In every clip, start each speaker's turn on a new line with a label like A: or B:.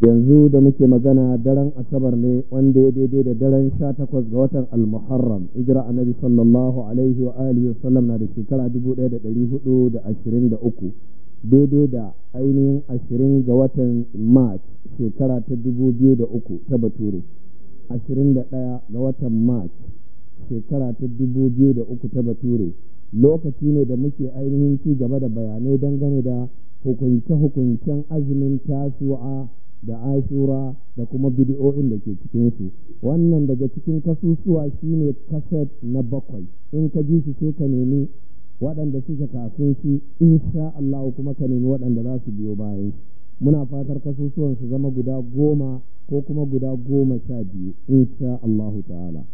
A: yanzu da muke magana daren asabar ne wanda ya daidai da daren sha takwas ga watan al-muharram hijira annabi sallallahu alaihi wa alihi wa sallam na da shekara dubu ɗaya da ɗari hudu da ashirin da uku daidai da ainihin ashirin ga watan march shekara ta dubu biyu da uku ta bature ashirin da ɗaya ga watan march shekara ta dubu biyu da uku ta bature lokaci ne da muke ainihin ci gaba da bayanai dangane da hukunce-hukuncen azumin tasu'a da ashura da kuma bidi'o'in da ke cikinsu wannan daga cikin kasusuwa shine kaset na bakwai in ka ji su sai ka nemi waɗanda suke kafin shi insha Allah kuma ka nemi waɗanda za su biyo bayan muna fatar kasusuwan su zama guda goma ko kuma guda goma sha biyu insha Allah ta'ala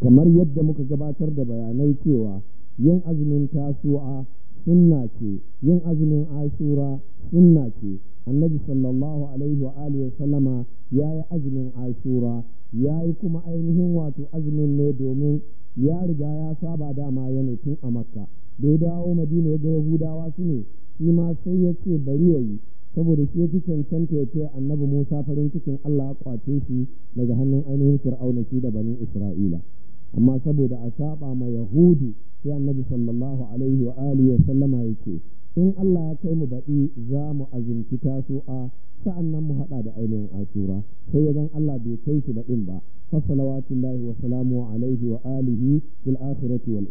A: kamar yadda muka gabatar da bayanai cewa yin azumin tasu'a sunna ce yin azumin ashura sunna ce annabi sallallahu alaihi wa alihi sallama ya yi azumin ashura ya yi kuma ainihin wato azumin ne domin ya riga ya saba dama ya tun a makka da ya dawo madina ya ga yahudawa su ne shi ma sai ya ce bari ya yi saboda shi ya fi cancanta ya ce annabi musa farin cikin allah ya kwace shi daga hannun ainihin fir'auna shi da banin isra'ila amma saboda a saba ma yahudu sai annabi sallallahu alaihi wa alihi wa sallama ya ce in Allah ya kai mu baɗi za mu azumci a sa'an nan mu haɗa da ainihin asura sai yadan Allah bai kai su baɗin ba fa lahi wa salamu alaihi wa alihi fil akhirati wal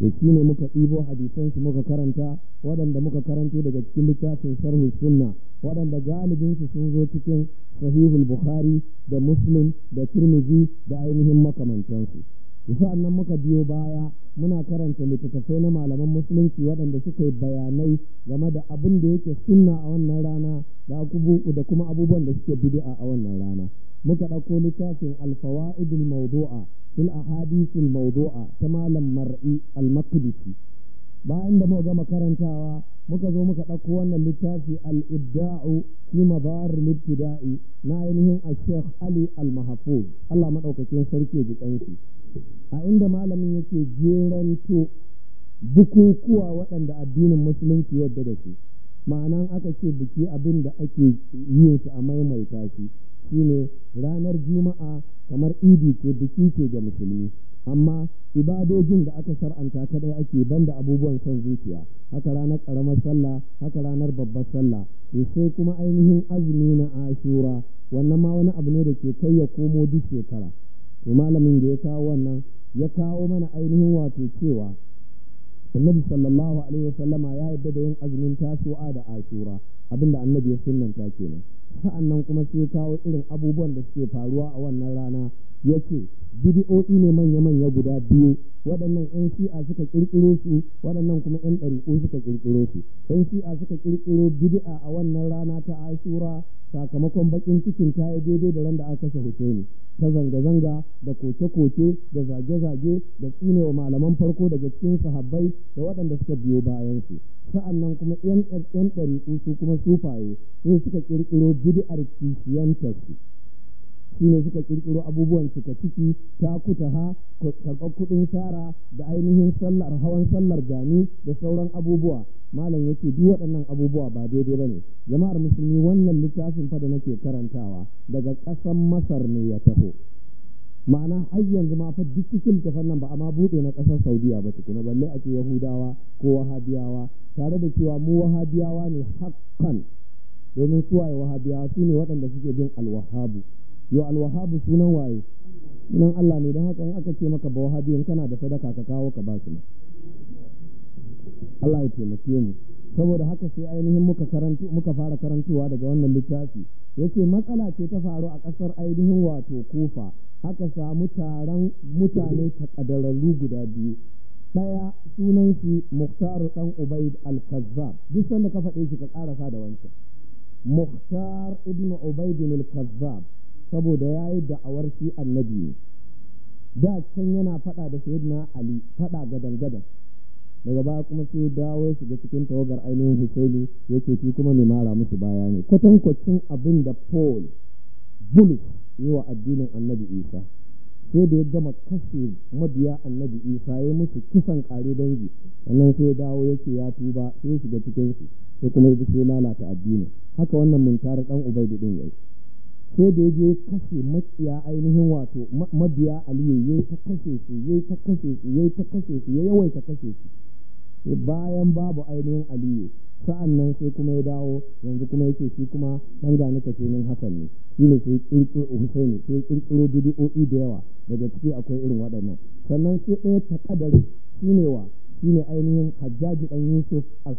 A: da shi ne muka ɗibo hadisan su muka karanta waɗanda muka karanto daga cikin littafin sharhu sunna waɗanda galibin su sun zo cikin sahihul bukhari da muslim da tirmidhi da ainihin makamantansu sa'an nan muka biyo baya muna karanta littattafai na malaman musulunci waɗanda suka yi bayanai game da abin da yake sunna a wannan rana da abubuwa da kuma abubuwan da suke bid'a a wannan rana muka ɗauko littafin idil mawdu'a fil ahadithul mawdu'a ta malam mar'i al-maqdisi bayan da muka gama karantawa muka zo muka ɗauko wannan littafi al-ibda'u fi mabar ibtida'i na ainihin al-sheikh ali al-mahfuz Allah madaukakin sarki ya ji a inda malamin yake jeranto bukukuwa waɗanda addinin musulunci yadda da su ma'anan aka ce biki abin da ake yin shi a maimaita shi shine ranar juma'a kamar idi ce biki ce ga musulmi amma ibadojin da aka shar'anta kadai ake da abubuwan son zuciya haka ranar ƙaramar sallah haka ranar babbar sallah sai kuma ainihin azumi na ashura wannan ma wani abu ne da ke kai ya komo duk shekara to malamin da ya kawo wannan ya kawo mana ainihin wato cewa annabi sallallahu alaihi wasallama ya yadda da yin azumin tasu'a da ashura abinda annabi ya sunnanta kenan sa'annan kuma sai kawo irin abubuwan da suke faruwa a wannan rana Ya ce bidi'o'i ne manya-manya guda biyu waɗannan 'yan shi'a suka ƙirƙiro su waɗannan kuma 'yan ɗari'u suka ƙirƙiro su 'yan shi'a suka ƙirƙiro bidi'a a wannan rana ta ashura sakamakon bakin cikin ta yi daidai da ran da aka kashe hussaini ta zanga-zanga da koke-koke da zage-zage da wa malaman farko daga cikin sahabbai da waɗanda suka biyo bayan su sa'an nan kuma 'yan ɗari'u su kuma sufaye sai suka ƙirƙiro bidi'ar kisiyantar su shi ne suka kirkiro abubuwan cika ciki ta ha karɓar kuɗin shara da ainihin sallar hawan sallar gani da sauran abubuwa malam yake duk waɗannan abubuwa ba daidai ba ne jama'ar musulmi wannan littafin fa da nake karantawa daga ƙasan masar ne ya taho ma'ana har yanzu ma fa duk cikin littafin nan ba amma buɗe na ƙasar saudiya ba tukuna balle a ce yahudawa ko wahabiyawa tare da cewa mu wahabiyawa ne hakan domin suwaye wahabiyawa su ne waɗanda suke bin alwahabu yo alwahabu sunan waye sunan Allah ne don haka in aka ce maka ba wahabi in kana da sadaka ka kawo ka ba shi Allah ya taimake mu saboda haka sai ainihin muka karantu muka fara karantuwa daga wannan littafi yace matsala ce ta faru a ƙasar ainihin wato kufa haka samu taron mutane takadararru guda biyu ɗaya sunan shi Muktar ɗan Ubaid al-Kazzab duk sanda ka faɗe shi ka ƙarasa da wancan Muktar ibn Ubaid al-Kazzab saboda ya yi da'awar shi annabi ne da can yana faɗa da sayyidina ali faɗa gadan gadan daga baya kuma sai dawo ya shiga cikin tawagar ainihin husaini yake shi kuma mai mara musu baya ne kwatankwacin abin da paul bulus yi wa addinin annabi isa sai da ya gama kashe mabiya annabi isa ya musu kisan kare dangi sannan sai dawo yake ya tuba sai shiga cikin su sai kuma ya bi sai lalata addinin haka wannan mun muntar dan ubaidu din yayi sai da ya je kashe maciya ainihin wato mabiya aliyu ya yi ta kashe su ya ta kashe su ya ta kashe su ya yawaita kashe su bayan babu ainihin aliyu sa'an nan sai kuma ya dawo yanzu kuma ya ce shi kuma dan gani ce nan hasan ne shi ne sai kirkiro ne sai kirkiro bidi'o'i da yawa daga ciki akwai irin waɗannan sannan sai ɗaya ta kadari shi ne wa shi ne ainihin hajjaji ɗan yusuf al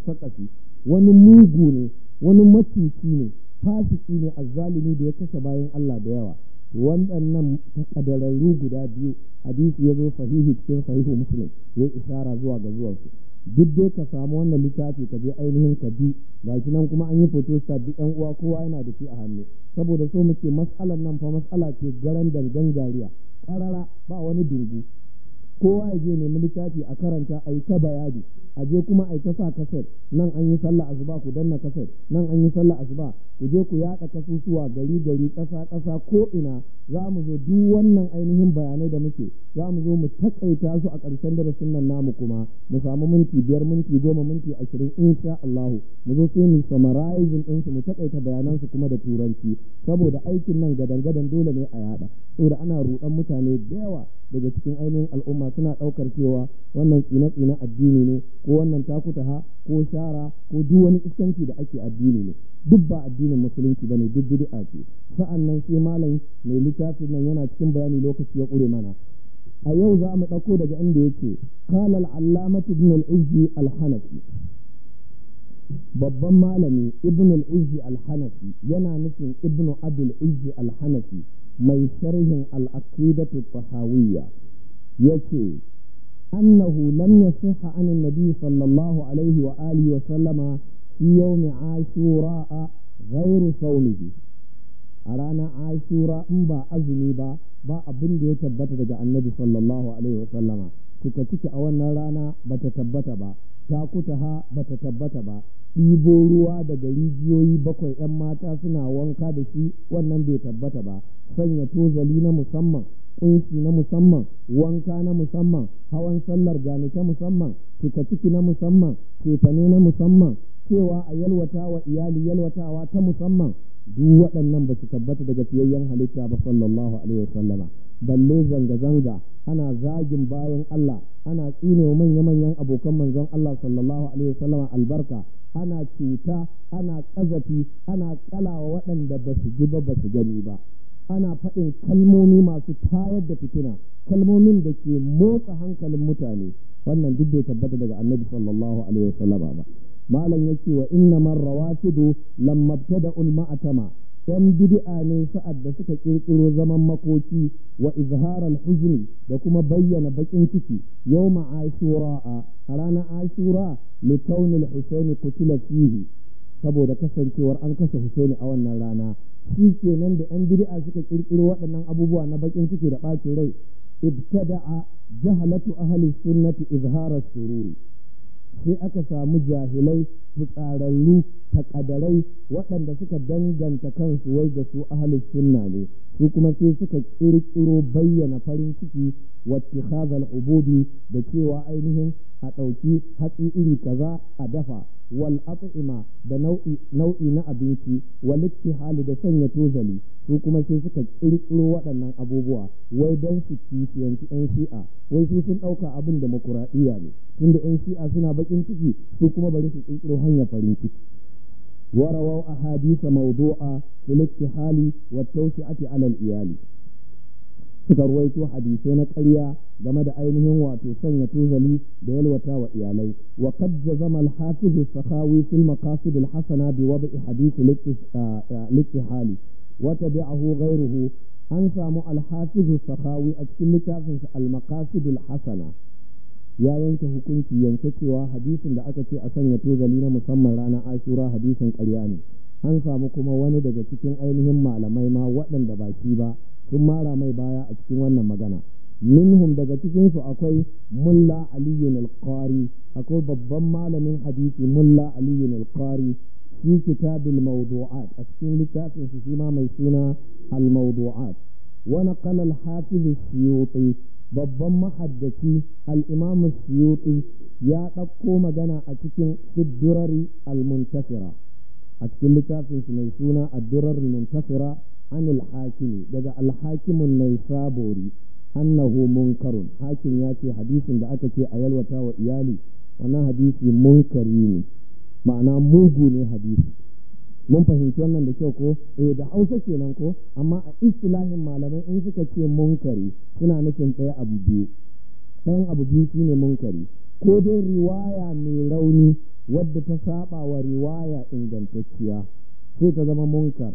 A: wani mugu ne wani matuci ne fasiki ne azzalimi da ya kashe bayan Allah da yawa waɗannan takadararru guda biyu hadisi ya zo sahihi cikin sahihu muslim ya isara zuwa ga zuwansu duk dai ka samu wannan littafi ka je ainihin ka bi ga nan kuma an yi foto sa duk yan uwa kowa yana da shi a hannu saboda so muke matsalar nan fa matsala ce garan dangan gariya karara ba wani dungu kowa ya je nemi littafi a karanta a yi ta bayani a je kuma a ta sa kaset nan an yi sallah asuba ku danna kaset nan an yi sallah asuba ku je ku yaɗa kasusuwa gari gari ƙasa ƙasa ko ina za mu zo duk wannan ainihin bayanai da muke za mu zo mu taƙaita su a ƙarshen darasin nan namu kuma mu samu minti biyar minti goma minti ashirin insha Allahu mu zo sai mu summarizing din su mu taƙaita bayanan su kuma da turanci saboda aikin nan gadan gadan dole ne a yaɗa saboda ana ruɗan mutane da yawa daga cikin ainihin al'umma suna ɗaukar cewa wannan tsine-tsine addini ne ko wannan takutaha ko shara ko duk wani iskanci da ake addini ne duk ba addinin musulunci bane duk bid'a ce nan sai malam mai littafin nan yana cikin bayani lokaci ya kure mana a yau za mu ɗauko daga inda yake khalal al ibn al-izzi babban malami ibn al-izzi hanafi yana nufin ibn abul izzi al-hanafi mai sharhin al-aqidatu tahawiyya yace أنه لم يصح عن النبي صلى الله عليه وآله وسلم في a ranar ashura in ba azumi ba ba abin ya tabbata daga annabi sallallahu alaihi wasallama cika ciki a wannan rana ba ta tabbata ba takuta ha ba ta tabbata ba ɗibo ruwa daga rijiyoyi bakwai 'yan mata suna wanka da shi wannan bai tabbata ba sanya tozali na musamman ƙunshi na musamman wanka na musamman hawan sallar ta musamman cika ciki na musamman cefane na musamman cewa a yalwata wa iyali yalwatawa ta musamman duk waɗannan ba su tabbata daga fiyayyen halitta ba sallallahu alaihi wasallama balle zanga-zanga ana zagin bayan Allah ana tsine wa manya-manyan abokan manzon Allah sallallahu alaihi wasallama albarka ana cuta ana ƙazafi ana kalawa waɗanda ba su ji ba ba su gani ba ana faɗin kalmomi masu tayar da fitina kalmomin da ke motsa hankalin mutane wannan duk bai tabbata daga annabi sallallahu alaihi wasallama ba malam yake wa inna man rawatidu lam mabtada'ul ma'atama dan yan bid'a ne sa'ad da suka kirkiro zaman makoki wa izharal huzni da kuma bayyana bakin ciki yawma ashura a ranar ashura li kaunil husaini qutila fihi saboda kasancewar an kashe husaini a wannan rana shi kenan da yan bid'a suka kirkiro waɗannan abubuwa na bakin ciki da ɓacin rai ibtada'a jahalatu ahli sunnati izhara sururi sai aka samu jahilai fitsararru takadarai waɗanda suka danganta kansu wai da su ahli sunna ne su kuma sai suka kirkiro bayyana farin ciki wa ubudi da cewa ainihin a ɗauki hatsi iri kaza a dafa wal at'ima da nau'i na abinci wal hali da sanya tozali su kuma sai suka kirkiro waɗannan abubuwa wai don su kishiyanci yan shi'a wai su sun ɗauka abin demokuraɗiyya ne tunda yan shi'a suna bakin ciki su kuma bari su kirkiro hanyar farin ciki ورووا أحاديث موضوعة في الاكتحال والتوسعة على iyali. suka ruwaito hadisai na ƙarya game da ainihin wato sanya tuzali da yalwata wa iyalai wa qad jazama al-hafiz as-sakhawi fi al-maqasid al-hasana bi wad'i hadith al-ittihali wa tabi'ahu ghayruhu an samu al-hafiz as-sakhawi a cikin littafin al-maqasid al-hasana ya yanke hukunci yanke cewa hadisin da aka ce a sanya tuzali na musamman ranar ashura hadisin ƙarya ne an samu kuma wani daga cikin ainihin malamai ma waɗanda ba shi ba sun mara mai baya a cikin wannan magana minhum daga cikinsu akwai mulla aliyun al akwai babban malamin hadisi mulla aliyun al fi kitabil mawdu'at a cikin littafin su shi ma mai suna al-mawdu'at wa Hafizu al-hafiz babban mahaddaci al-imam ya ɗauko magana a cikin siddurari al-muntasira a cikin littafin su mai suna ad-durar al-muntasira an hakimi daga al-hakimun nan sabori annahu munkarun hakim ya ce hadisin da aka ce a yalwata wa iyali wannan hadisi munkari ne ma'ana mugu ne hadisi mun fahimci wannan da kyau ko eh da Hausa kenan ko amma a istilahin malamai in suka ce munkari suna nufin tsaye abu biyu ɗayan abu biyu shine munkari ko dai riwaya mai rauni wadda ta saba wa riwaya ingantacciya sai ta zama munkar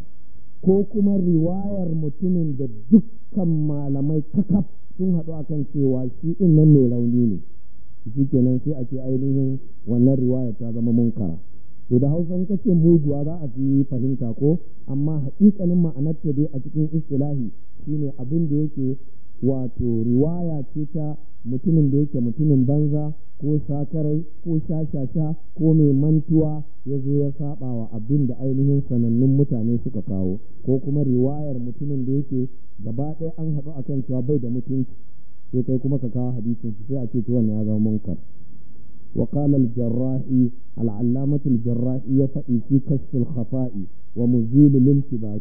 A: ko kuma riwayar mutumin da dukkan malamai kakaf sun haɗu akan cewa shi ɗin nan mai rauni ne shi kenan sai a ainihin wannan riwayar ta zama munkara to da hausan kace muguwa za a fi fahimta ko amma haƙiƙanin ma'anar ta dai a cikin istilahi shine abin da yake wato riwaya ce ta mutumin da yake mutumin banza ko sakarai ko shashasha ko mai mantuwa ya zo ya saba wa abin da ainihin sanannun mutane suka kawo ko kuma riwayar mutumin da yake gaba ɗaya an haɗu a kan cewa bai da mutunci sai kai kuma ka kawo hadisin sai a ce tuwan ya zama munkar وقال الجراحي العلامة الجراحي يفئي في كشف الخفاء ومزيل الالتباس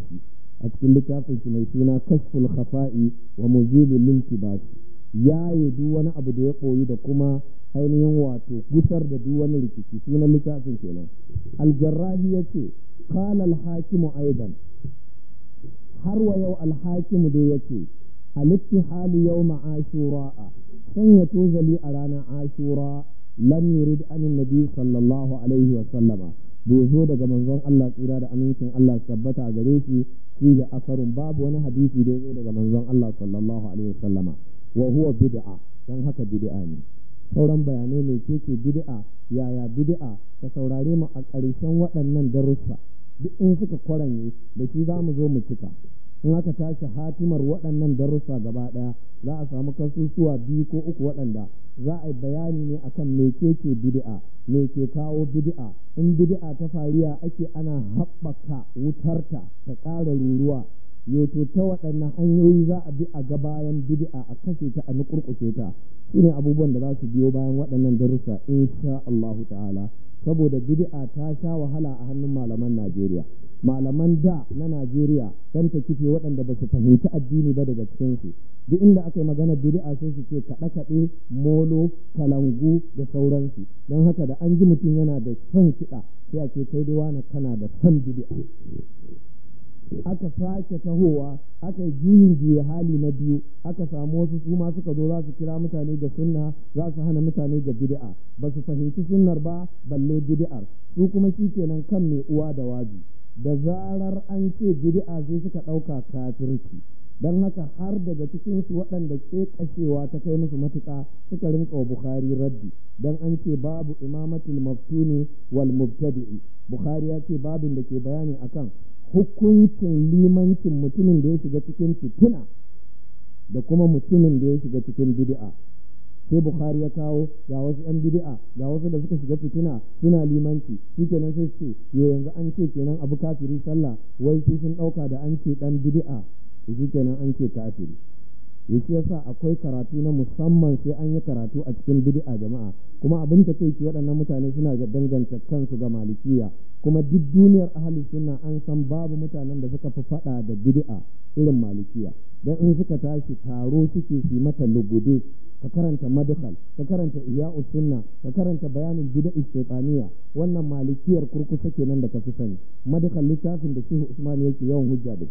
A: a cikin littafin shi mai suna kashful khafa'i wa muzibul liltibas ya yi duk wani abu da ya koyi da kuma ainihin wato gusar da duk wani rikici sunan littafin kenan aljarrahi ya ce qala al aidan har wa yau alhakimu hakim da yake al-ittihali yawma ashura sanya tuzali a ranar ashura lam yurid an nabi sallallahu alaihi wa sallama bai zo daga manzon Allah tsira da amincin Allah tabbata a gare shi shi da asarun babu wani hadisi da zo daga manzon Allah sallallahu alaihi wasallama wa huwa bid'a dan haka bid'a ne sauran bayanai mai keke bid'a yaya bid'a ka saurare mu a ƙarshen waɗannan darussa duk in suka kwaranye da shi za mu zo mu cika in aka tashi hatimar waɗannan darussa gaba ɗaya za a samu kasusuwa biyu ko uku waɗanda za a yi bayani ne akan me ke ke bid'a me ke kawo bid'a in bid'a ta fariya ake ana haɓaka wutarta ta ƙara ruruwa yato ta waɗannan hanyoyi za a bi a ga bayan bid'a a kashe ta a nukurkuce ta ne abubuwan da za su biyo bayan waɗannan darussa insha Allahu ta'ala saboda bid'a ta sha wahala a hannun malaman Najeriya malaman da na Najeriya dan ta kife waɗanda ba su fahimci addini ba daga cikin su duk inda aka yi magana bid'a sai su ce kaɗe kaɗe molo kalangu da sauransu don haka da an ji mutum yana da son kiɗa sai a ce kai dai wani kana da son bid'a aka sake tahowa aka yi juyin juya hali na biyu aka samu wasu su ma suka zo za su kira mutane ga sunna za su hana mutane ga bid'a ba su fahimci sunnar ba balle bid'ar su kuma shi kenan kan mai uwa da waji. da zarar an ce bid'a sai suka ɗauka kafirci don haka har daga cikin su waɗanda ke kashewa ta kai musu matuƙa suka rinƙa wa bukhari raddi don an ce babu imamatul maftuni wal mubtadi'i bukhari ya ce babin da ke bayani akan hukuncin limancin mutumin da ya shiga cikin fitina da kuma mutumin da ya shiga cikin bid'a sai bukhari ya kawo ga wasu yan bid'a ga wasu da suka shiga fitina suna limanci shikenan sai su ce yanzu an ce kenan abu kafiri sallah wai su sun dauka da an ce dan bid'a shikenan an ce kafiri yake yasa akwai karatu na musamman sai an yi karatu a cikin bid'a jama'a kuma abin ta kai waɗannan mutane suna ga danganta kansu ga malikiya kuma duk duniyar ahli sunna an san babu mutanen da suka fi faɗa da bid'a irin malikiya dan in suka tashi taro suke su mata lugude ka karanta madkhal ka karanta iya'u sunna ka karanta bayanin bid'a shaytaniya wannan malikiyar kurkusa kenan da ka fi sani madkhal littafin da Shehu Usman yake yawan hujja da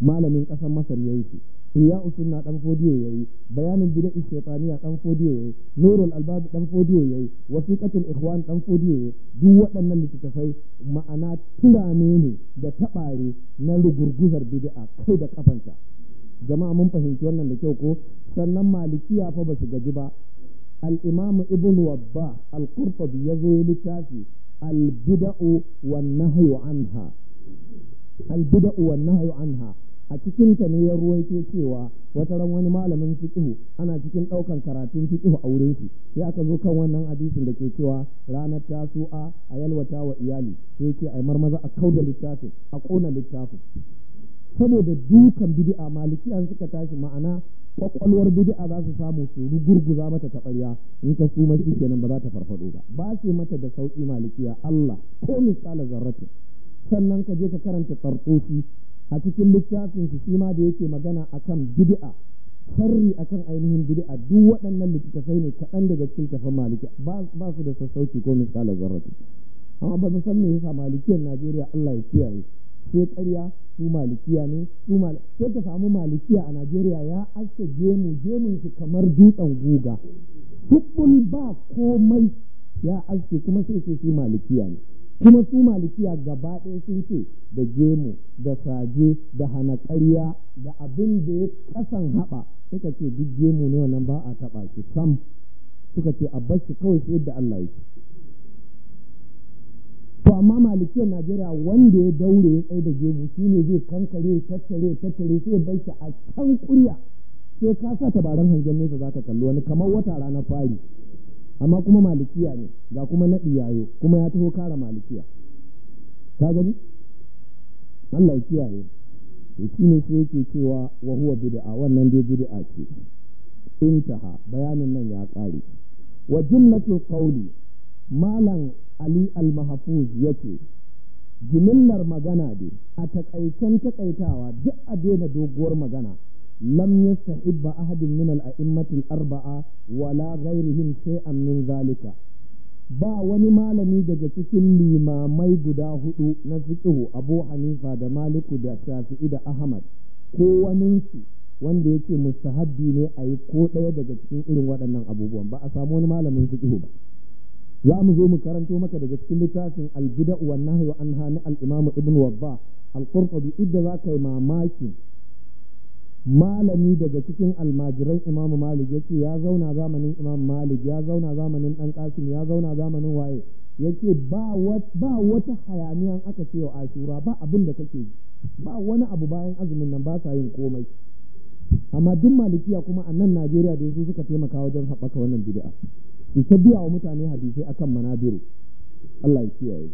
A: malamin ƙasar Masar yake iya usunna dan fodiyo yayi bayanin bid'a isyafaniya dan fodiyo yayi nurul albab dan fodiyo yayi wasiqatul ikhwan dan fodiyo yayi duk waɗannan littattafai ma'ana tunane ne da tabare na rugurguzar bid'a kai da kafanta jama'a mun fahimci wannan da kyau ko sannan malikiya fa basu gaji ba al-imam ibn wabba al-qurtubi yazo littafi al-bid'u wan nahyu anha al-bid'u wan nahyu anha a cikin ta ne ya ruwaito cewa wata ran wani malamin fiqh ana cikin daukan karatun fiqh a wurin shi sai aka zo kan wannan hadisin da ke cewa ranar tasu'a a yalwata wa iyali sai ce ai marmaza a kauda littafin a kona littafin saboda dukan bid'a malikiya suka tashi ma'ana kwakwalwar bid'a za su samu su rugurguza mata ta ƙarya in ka suma shi kenan ba za ta farfado ba ba su mata da sauki malikiya Allah ko misala zarratu sannan ka je ka karanta tsartsofi a cikin littafin su shi ma da yake magana akan bid'a sharri akan ainihin bid'a duk waɗannan littattafai ne kaɗan daga cikin tafan maliki ba su da sassauci ko misali zarrafi amma ba su san me yasa malikiyar Najeriya Allah ya kiyaye sai ƙarya su malikiya ne su sai ka samu malikiya a Najeriya ya aske gemu gemun su kamar dutsen guga tubbul ba komai ya aske kuma sai ce su malikiya ne kuma su malikiya gaba ɗaya sun ce da gemu da saje da hana ƙarya da abin da ya kasan haɓa suka ce duk gemu ne wannan ba a taɓa ki sam suka ce a bar kawai sai da Allah ya ce to amma malikiyar Najeriya wanda ya daure ya tsaye da gemu shi ne zai kankare tattare tattare sai bar shi a can kurya sai ka sa tabaran hangen nesa za ka kalli wani kamar wata ranar fari amma kuma malikiya ne ga kuma naɗi yayo kuma ya taho kara malikiya ka gani Allah ya kiyaye to shi ne sai yake cewa wa huwa bid'a wannan dai bid'a ce intaha bayanin nan ya kare wa jumlatul qawli malam ali al-mahfuz yace jimillar magana dai a takaicen takaitawa duk a daina doguwar magana لم يستحب أحد من الأئمة الأربعة ولا غيرهم شيئا من ذلك ba wani malami daga cikin limamai guda hudu na fiqhu Abu Hanifa da Maliku da Shafi'i da Ahmad ko su wanda yake mustahabbi ne a yi ko ɗaya daga cikin irin waɗannan abubuwan ba a samu wani malamin fiqhu ba za mu zo mu karanto maka daga cikin littafin al-bid'a wa nahyu anha na al-Imam Ibn Wabbah al-Qurtubi idda za ka yi mamaki malami daga cikin almajiran imam malik ya ya zauna zamanin imam malik ya zauna zamanin dan kasim ya zauna zamanin waye ya ce ba wata hayaniya aka ce wa ashura ba abin da kake yi ba wani abu bayan azumin nan ba sa yin komai amma duk malikiya kuma a nan najeriya da su suka taimaka wajen haɓaka wannan bid'a ta biya wa mutane hadisai akan manabiru allah ya kiyaye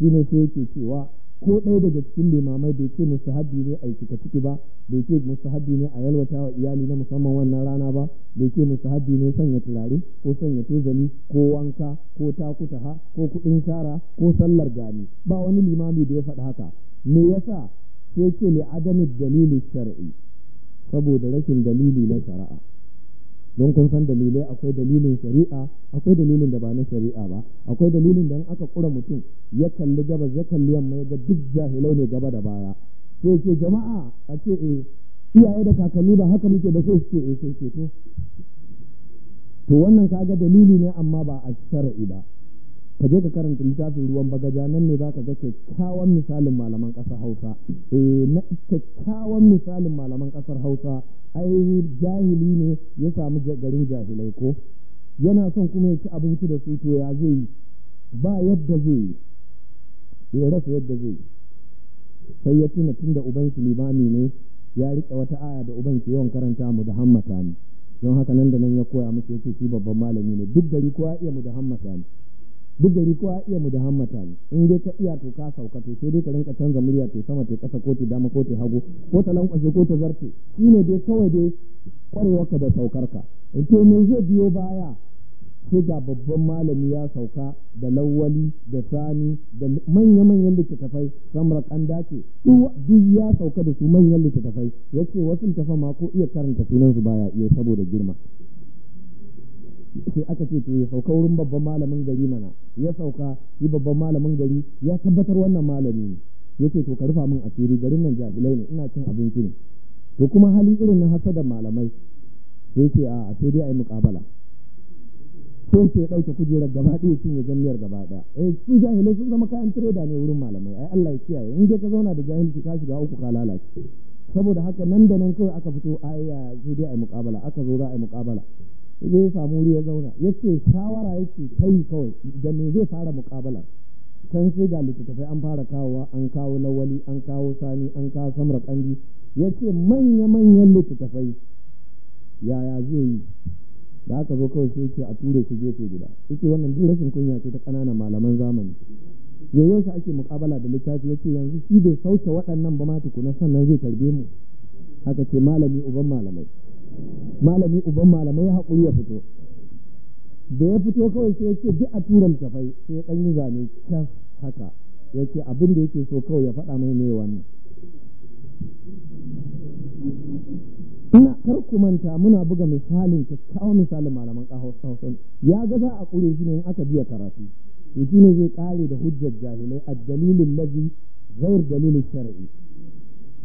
A: shi ne sai yake cewa ko ɗaya daga cikin limamai bai ce musu haddi ne a cika ciki ba bai ce musu haddi ne a yalwata wa iyali na musamman wannan rana ba bai ce musu haddi ne sanya turare ko sanya tozali ko wanka ko takuta ha ko kuɗin shara ko sallar gani ba wani limami da ya faɗi haka me yasa sai ce ne adamin dalilin shar'i saboda rashin dalili na shari'a don kun san dalilai akwai dalilin shari'a akwai dalilin da ba na shari'a ba akwai dalilin da in aka kura mutum ya kalli gabas ya kalli yamma ya ga duk jahilai ne gaba da baya sai ce jama'a a ce e iyaye da kakanni ba haka muke ba sai su ce eh, sai ce to to wannan kaga dalili ne amma ba a shar'i ba ka je ka karanta littafin ruwan bagaja nan ne ka ga kyakkyawan misalin malaman ƙasar Hausa eh na kyakkyawan misalin malaman ƙasar Hausa ai jahili ne ya samu garin jahilai ko yana son kuma ya ci abinci da su to ya zai yi ba yadda zai ya rasa yadda zai sai ya tuna tunda uban shi limami ne ya riƙe wata aya da uban shi yawan karanta mu da hammata ne don haka nan da nan ya koya musu yake shi babban malami ne duk gari kowa iya mu da hammata ne duk gari a iya mu da hammata ne in dai ka iya to ka sauka to sai dai ka rinka canza murya to sama to kasa ko ta dama ko ta hagu ko ta lankwashe ko ta zarce shi ne dai kawai dai ka da saukar to me zai biyo baya sai ga babban malami ya sauka da lawali da sani da manya-manyan littattafai samar kanda ce duk ya sauka da su manyan littattafai ya ce wasu littattafan ma ko iya karanta sunan su baya iya saboda girma sai aka ce to ya sauka wurin babban malamin gari mana ya sauka shi babban malamin gari ya tabbatar wannan malami ne yace to ka rufa min asiri garin nan jahilai ne ina cin abinci ne to kuma hali irin na da malamai sai ce a sai dai yi muƙabala sai ce ɗauke kujerar gaba ɗaya cinye jami'ar gaba ɗaya eh su jahilai sun zama kayan tireda ne wurin malamai ai Allah ya kiyaye in dai ka zauna da jahilci ka shiga uku ka lalace saboda haka nan da nan kawai aka fito ayya sai dai ayi muƙabala aka zo za a yi muƙabala zai ya samu wuri ya zauna ya shawara yake kai kawai da me zai fara muƙabala can sai ga littattafai an fara kawowa an kawo lawali an kawo sani an kawo samra kandi ya manya-manyan littattafai yaya zai yi da aka zo kawai sai ce a ture shi gefe guda yake wannan duk rashin kunya ce ta ƙananan malaman zamani yayin shi ake muƙabala da littafi ce yanzu shi bai sauke waɗannan ba ma tukuna sannan zai tarbe mu haka ce malami uban malamai malami uban malamai haƙuri ya fito da ya fito kawai sai yake bi a turan tafai sai ɗan yi zane can haka yake abin da yake so kawai ya faɗa mai mai wannan ina kar ku manta muna buga misalin kyakkyawa misalin malaman ƙahausa ya ga za a ƙure shi ne in aka biya karatu shi ne zai ƙare da hujjar jahilai a dalilin lazi zai dalilin shari'i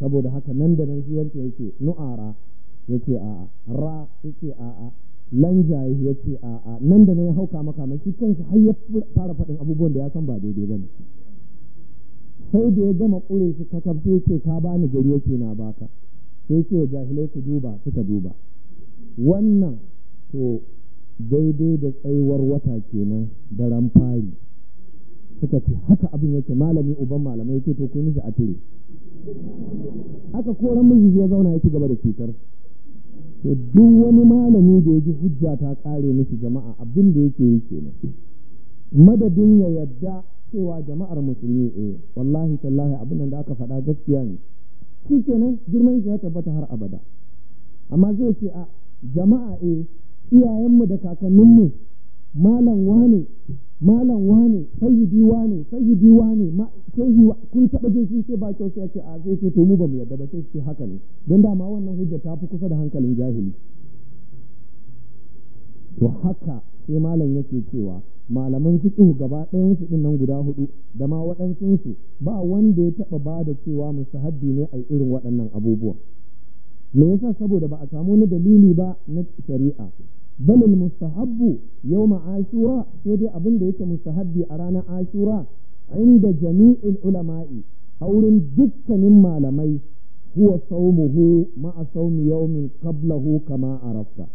A: saboda haka nan da nan shi yake nu'ara yace a'a ra yace a'a lanjaye yace a'a nan da ne ya hauka maka mai shi kansa har ya fara faɗin abubuwan da ya san ba daidai bane sai da ya gama ƙure shi ta tafi yace ka bani gari yake na baka sai ce jahilai ku duba suka duba wannan to daidai da tsayuwar wata kenan daren fari suka ce haka abin yake malami uban malamai yake to kun yi a tire haka koran mijiji ya zauna yake gaba da cutar to duk wani malami da ya ji hujja ta kare miki jama'a abin da yake yi kenan madadin ya yadda cewa jama'ar musulmi eh wallahi tallahi abin nan da aka faɗa gaskiya ne shi kenan girman shi ya tabbata har abada amma zai ce a jama'a eh iyayenmu da kakanninmu malam wane malam wane sayyidi wane sayyidi wane ma sai kun taba jin shi ce ba kyau sai ce a sai ce to mu ba mu yarda ba sai ce haka ne don dama wannan hujja ta fi kusa da hankalin jahili to haka sai malam yake cewa malaman fiqh gaba ɗayan su nan guda hudu da ma waɗansun su ba wanda ya taba ba da cewa musahabbi ne a irin waɗannan abubuwan me yasa saboda ba a samu wani dalili ba na shari'a bal mustahabbu ma ashura sai dai abin da yake mustahabbi a ranar ashura inda jami'ul ulama'i a wurin dukkanin malamai huwa saumuhu ma saumi yawmin qablahu kama arafta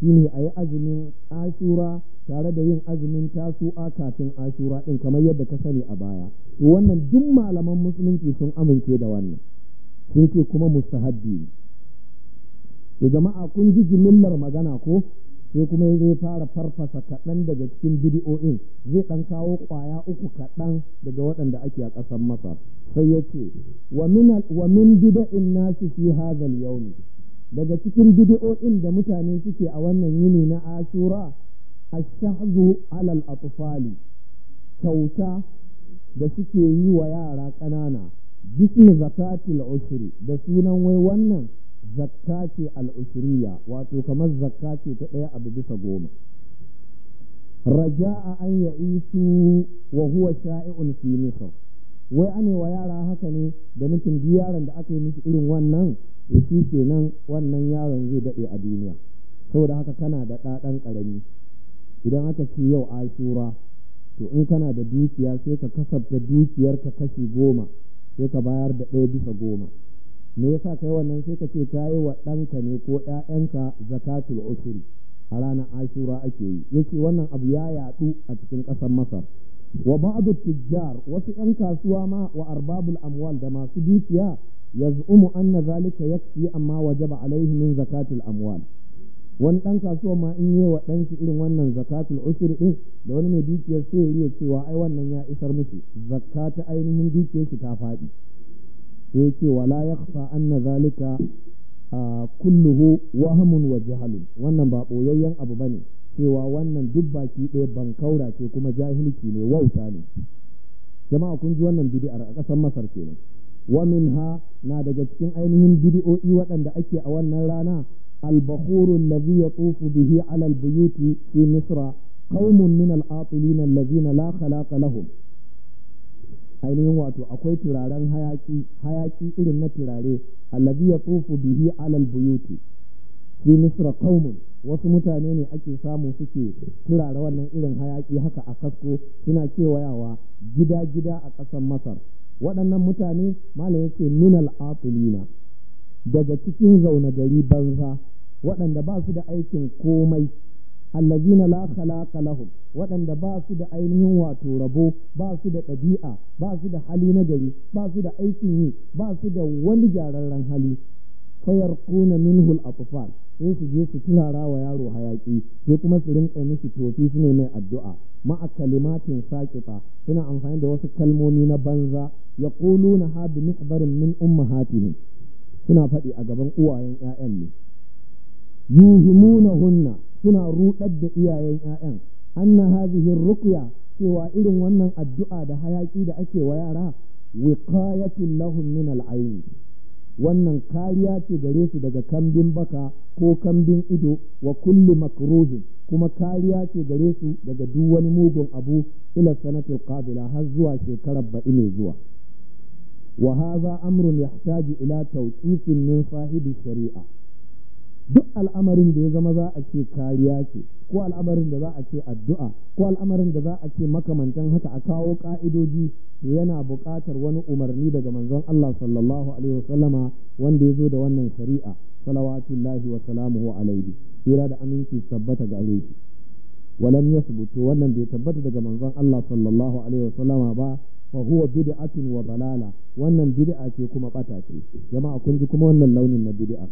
A: shine ayi azumin ashura tare da yin azumin tasu'a kafin ashura din kamar yadda ka sani a baya to wannan duk malaman musulunci sun amince da wannan sai ce kuma mustahabbi ne jama'a kun ji jimillar magana ko sai kuma ya zai fara farfasa kaɗan daga cikin bidiyo'in zai ɗan kawo ƙwaya uku kaɗan daga waɗanda ake a ƙasar masar sai ya ce wa min bida'in nasu fi hazal ne daga cikin bidiyo'in da mutane suke a wannan yini na ashura ashahzu alal atfali kyauta da suke yi wa yara ƙanana bismi zakatil usri da sunan wai wannan zakka ce al'ushiriya wato kamar zakka ce ta ɗaya abu bisa goma raja'a an ya isu wa huwa sha'i'un fi misr wai ane wa yara haka ne da nufin duk yaron da aka yi musu irin wannan to shi nan wannan yaron zai daɗe a duniya saboda haka kana da ɗaɗan ƙarami idan aka ce yau ashura to in kana da dukiya sai ka kasafta ka kashi goma sai ka bayar da ɗaya bisa goma me yasa kai wannan sai ka ce ta yi wa ɗanka ne ko ka zakatul usuri a ranar ashura ake yi yace wannan abu ya yaɗu a cikin ƙasar masar wa ba'du tijjar wasu ‘yan kasuwa ma wa arbabul amwal da masu dukiya yaz'umu anna zalika yakfi amma wajaba alaihi min zakatul amwal wani ɗan kasuwa ma in yi wa ɗanshi irin wannan zakatul usur ɗin da wani mai dukiyar sai ya cewa ai wannan ya isar musu zakka ta ainihin dukiyar shi ta faɗi sai yake wala an na zalika kulluhu wahamun wa jahalun wannan ba ɓoyayyen abu ba bane cewa wannan duk baki ɗaya bankaura ce kuma jahilci ne wauta ne jama'a kun ji wannan bidi'ar a ƙasar Masar ne wa ha na daga cikin ainihin bidi'o'i waɗanda ake a wannan rana البخور الذي يطوف به على البيوت في مصر قوم من العاطلين الذين لا خلاق لهم ainihin wato akwai turaren hayaki hayaki irin na turare allazi ya tsufu bihi alal buyuti fi misra qaumun wasu mutane ne ake samu suke turare wannan irin hayaki haka a kasko suna kewayawa gida gida a ƙasar masar waɗannan mutane malam yake minal afilina daga cikin zaune gari banza waɗanda ba su da aikin komai allazina la khalaqa lahum waɗanda ba su da ainihin wato rabo ba su da ɗabi'a ba su da hali na gari ba su da aikin yi ba su da wani gyararren hali fayarquna minhu al-atfal sai su je su turara wa yaro hayaki sai kuma su rinka mishi tofi su ne mai addu'a ma'a kalimatin saqita suna amfani da wasu kalmomi na banza ya na mihbarin min ummahatihim suna faɗi a gaban uwayen ƴaƴan ne yuhimunahunna suna rudar da iyayen ƴaƴan anna hadhihi ruqya cewa irin wannan addu'a da hayaki da ake wa yara wiqayatul lahum min al'ayn wannan kariya ce gare su daga kambin baka ko kambin ido wa kulli makruhin kuma kariya ce gare su daga duk wani mugun abu ila sanatil qabila har zuwa shekarar baɗi mai zuwa wa hadha amrun yahtaju ila tawqifin min sahibi shari'a duk al'amarin da ya zama za a ce kariya ce ko al'amarin da za a ce addu'a ko al'amarin da za a ce makamantan haka a kawo ka'idoji to yana buƙatar wani umarni daga manzon Allah sallallahu alaihi wasallama wanda ya zo da wannan shari'a salawatullahi wa salamuhu alaihi hira da aminci tabbata ga shi walam yasbutu wannan bai tabbata daga manzon Allah sallallahu alaihi wasallama ba fa huwa bid'atun wa dalala wannan bid'a ce kuma bata ce jama'a kun ji kuma wannan launin na bid'a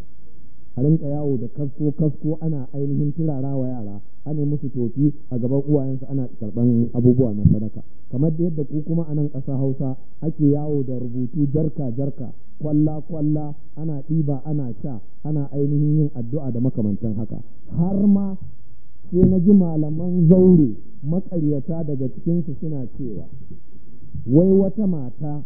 A: a rinka yawo da kasko kasko ana ainihin turara wa yara a ne musu tofi a gaban uwayensu ana karɓan abubuwa na sadaka kamar da yadda ku kuma a nan ƙasa hausa ake yawo da rubutu jarka jarka kwalla kwalla ana ɗiba ana sha ana ainihin yin addu'a da makamantan haka har ma sai na ji malaman zaure maƙaryata daga cikinsu suna cewa wai wata mata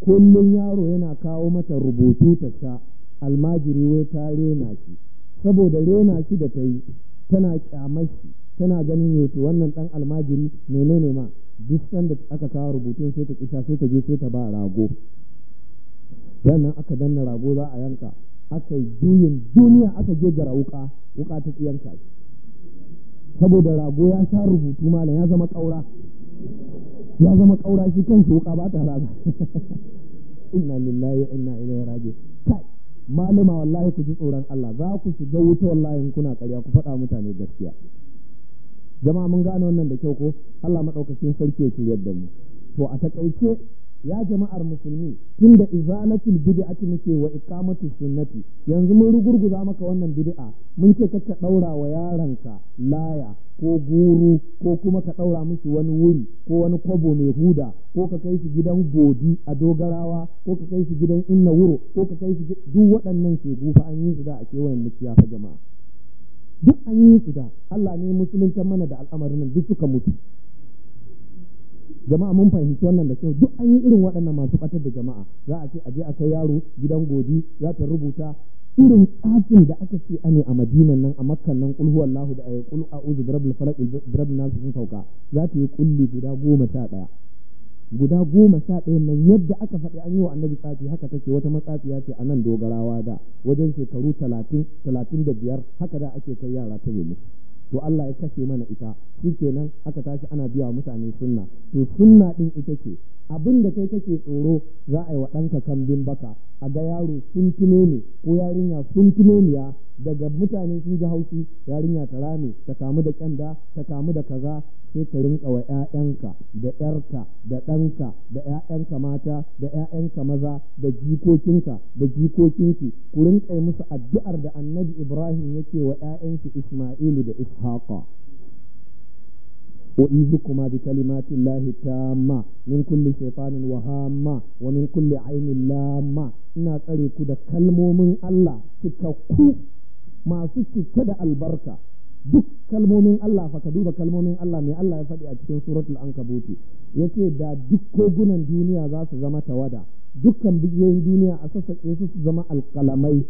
A: kullum yaro yana kawo mata rubutu ta sha almajiri wai ta rena shi saboda rena shi da ta yi tana kyamar shi tana ganin yato wannan dan almajiri menene ma duk sanda aka kawo rubutun sai ta kisha sai ta je sai ta ba rago sannan aka danna rago za a yanka aka yi juyin duniya aka je gara wuka wuka ta tsiyanka shi saboda rago ya sha rubutu malam ya zama kaura ya zama kaura shi kan shi wuka ba ta raga inna lillahi inna ilaihi raji kai malama wallahi ku ji tsoron Allah za ku shiga wuta wallahi in kuna ƙarya ku faɗa mutane gaskiya jama'a mun gane wannan da kyau ko Allah madaukakin sarki ya shiryar da mu to a takaice ya jama'ar musulmi tunda izalatul bid'ati muke wa iqamatu sunnati yanzu mun rugurguza maka wannan bid'a mun ce ka daura wa ka laya ko guru ko kuma ka ɗaura musu wani wuri ko wani kwabo mai huda ko ka kai su gidan godi a dogarawa ko ka kai su gidan inna wuro ko ka kai su duk waɗannan ke fa an yi su da a kewayen muciya fa jama'a duk an yi su da Allah ne musulunta mana da al'amarin duk suka mutu jama'a mun fahimci wannan da kyau duk an yi irin waɗannan masu ɓatar da jama'a za a ce a je a kai yaro gidan godi za ta rubuta irin tsafin da aka ce ane a madinan nan a makkan nan kulhu wallahu da ayi eh, kul a'udhu birabbil falaq birabbil nas sun sauka za ta yi kulli guda goma sha ɗaya guda goma sha ɗaya nan yadda aka faɗi an yi wa annabi tsafi haka take wata matsafiya ce a nan dogarawa da wajen shekaru talatin talatin da biyar haka da ake kai yara ta yi musu. to Allah ya kashe mana ita shi kenan aka tashi ana biya mutane sunna to sunna din ita ce abin da kai kake tsoro za a yi wa ɗanka kambin baka a ga yaro sun tuno ne ko yarinya sun tuno ne ya daga mutane sun ji haushi yarinya ta rame ta kamu da kyanda ta kamu da kaza sai ka rinka wa ‘ya'yanka da ‘yarka da ɗanka da ‘ya'yanka mata da ‘ya'yanka maza da jikokinka da jikokinki ku rinka musu addu'ar da annabi ibrahim yake wa ‘ya'yanki isma'ilu da ishaqa أعيذكما بكلمات الله التامة من كل شيطان وهامة ومن كل عين لامة إن tsare ku كلمة من الله cikakku masu cike da albarka duk kalmomin Allah fa ka duba kalmomin Allah ne Allah ya faɗi a cikin suratul ankabuti yace da duk kogunan duniya za su zama tawada dukkan bigiyoyin duniya a sassaƙe su su zama alƙalamai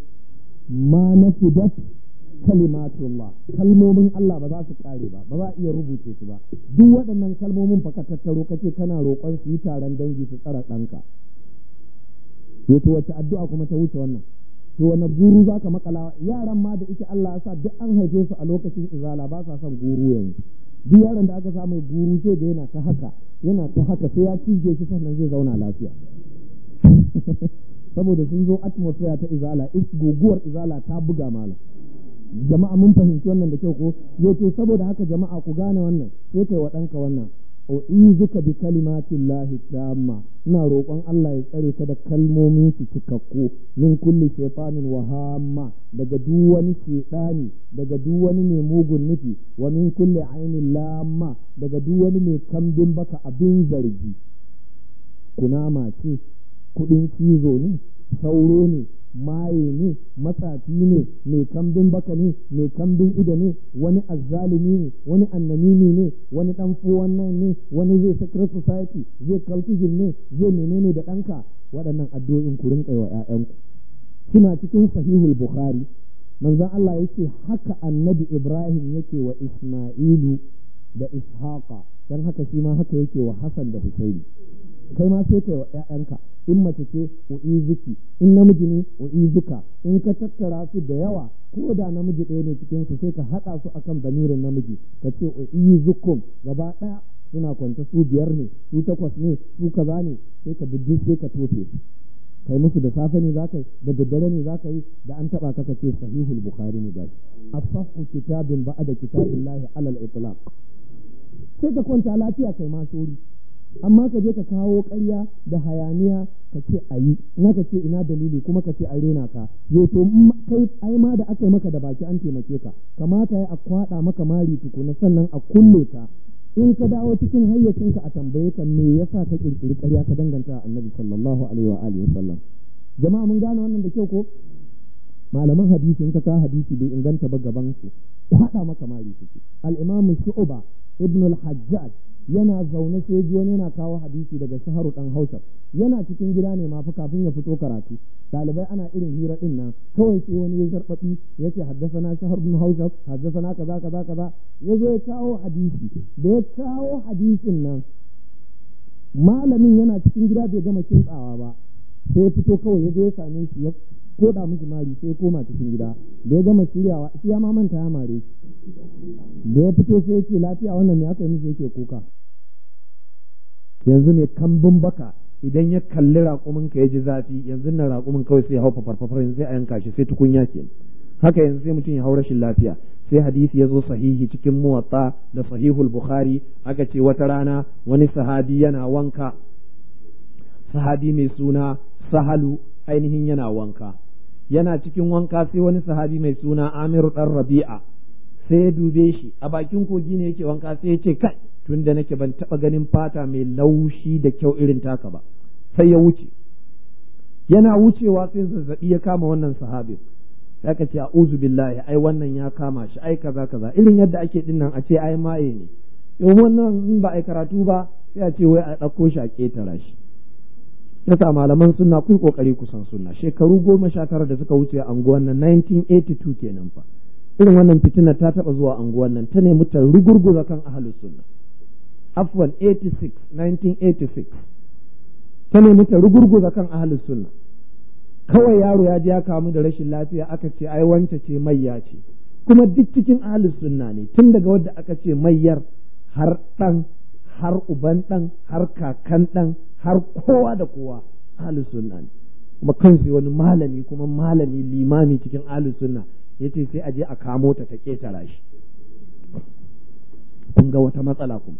A: ma na fidat kalimatullah kalmomin Allah ba za su ƙare ba ba za a iya rubuce su ba duk waɗannan kalmomin fa ka tattaro kace kana roƙon su yi taron dangi su tsara ɗanka wato wata addu'a kuma ta wuce wannan to wani guru za ka makala yaran ma da ike Allah ya sa duk an haife su a lokacin izala ba sa son guru yanzu duk yaran da aka sa mai guru sai da yana ta haka yana ta haka sai ya cije shi sannan zai zauna lafiya saboda sun zo atmosphere ta izala is guguwar izala ta buga mala jama'a mun fahimci wannan da kyau ko ce saboda haka jama'a ku gane wannan sai kai wa ɗanka wannan zuka bi kalimatin lahi tamma ina roƙon Allah ya tsare ka da kalmomin su cikakku min kulli shaytanin wa hamma daga duk wani shaytani daga duk wani mai mugun nufi wa min kulli ainin lamma daga duk wani mai kambin baka abin zargi kunama ce kudin cizo ne sauro ne maye ne masafi ne mai kambin baka ne mai kambin ido ne wani azzalumi ne wani annamimi ne wani dan wannan ne wani zai secret society zai kalkijin ne zai menene da ɗanka waɗannan addu'o'in ku rinka wa ƴaƴanku suna cikin sahihul bukhari manzon Allah yake haka annabi Ibrahim yake wa Isma'ilu da Ishaqa dan haka shi ma haka yake wa hasan da Husaini kai ma sai kai wa ƴaƴanka in mace ce wa ziki in namiji ne wa izuka in ka tattara su da yawa ko da namiji ɗaya ne cikin su sai ka haɗa su akan bamirin namiji ka ce wa izukum gaba ɗaya suna kwance su biyar ne su takwas ne su kaza ne sai ka biddi sai ka tofe kai musu da safe ne zaka yi da daddare ne za ka yi da an taɓa kaka ce sahihul bukhari ne gashi asahu kitabin ba'da kitabillahi alal itlaq sai ka kwanta lafiya kai ma sori amma ka je ka kawo ƙarya da hayaniya ka ce a yi na ka ce ina dalili kuma ka ce a rena ka to kai ai ma da aka yi maka da baki an taimake ka kamata ya a kwaɗa maka mari tukuna sannan a kulle ka in ka dawo cikin hayyacinka a tambaye ka me yasa ka kirkiri karya ka danganta annabi sallallahu alaihi wa alihi wasallam jama'a mun gane wannan da kyau ko malaman hadisi in ka ka hadisi bai inganta ba gaban su haɗa maka mari tukuna al-imam shu'ba ibn al-hajjaj yana zaune sai ji wani yana kawo hadisi daga shaharu ɗan hausa yana cikin gida ne ma kafin ya fito karatu dalibai ana irin hira din nan kawai sai wani ya zarbabi ya ce haddasana shahar bin hausa haddasana kaza kaza kaza ya zo ya kawo hadisi da ya kawo hadisin nan malamin yana cikin gida bai gama kintsawa ba sai ya fito kawai ya zo ya same shi ya ko da miji mari sai koma cikin gida da ya gama shiryawa shi ya ma manta ya mare da ya fito sai yake lafiya wannan ne aka yi miji yake kuka yanzu ne kambun baka idan ya kalli raƙumin ka ya ji zafi yanzu nan raƙumin kawai sai ya hau farfafar yanzu sai a yanka shi sai tukunya ke haka yanzu sai mutum ya hau rashin lafiya sai hadisi ya zo sahihi cikin muwatta da sahihul bukhari aka ce wata rana wani sahabi yana wanka sahabi mai suna sahalu ainihin yana wanka yana cikin wanka sai wani sahabi mai suna Amiru dan Rabi'a sai ya dube shi a bakin kogi ne yake wanka sai ya ce kai tunda nake ban taba ganin fata mai laushi da kyau irin taka ba sai ya wuce yana wucewa sai zazzabi ya kama wannan sahabin sai ka ce a'udhu billahi ai wannan ya kama shi ai kaza kaza irin yadda ake dinnan a ce ai maye ne yau wannan in ba ai karatu ba sai a ce wai a ɗauko shi a ketara shi yasa malaman suna kun kokari ku san sunna shekaru goma sha tara da suka wuce a anguwan nan 1982 kenan fa irin wannan fitina ta taba zuwa anguwan nan ta nemi ta rugurguza kan ahli sunna afwan 86 1986 ta nemi ta rugurguza kan ahlus sunna kawai yaro ya ji ya kamu da rashin lafiya aka ce ai wance ce mayya ce kuma duk cikin ahlus sunna ne tun daga wadda aka ce mayyar har dan har uban ɗan har kakan ɗan har kowa da kowa alisunna ne kuma kansu wani malami kuma malami limami cikin alisunna sunna yace sai aje a kamo ta ta ƙetara shi kun ga wata matsala kuma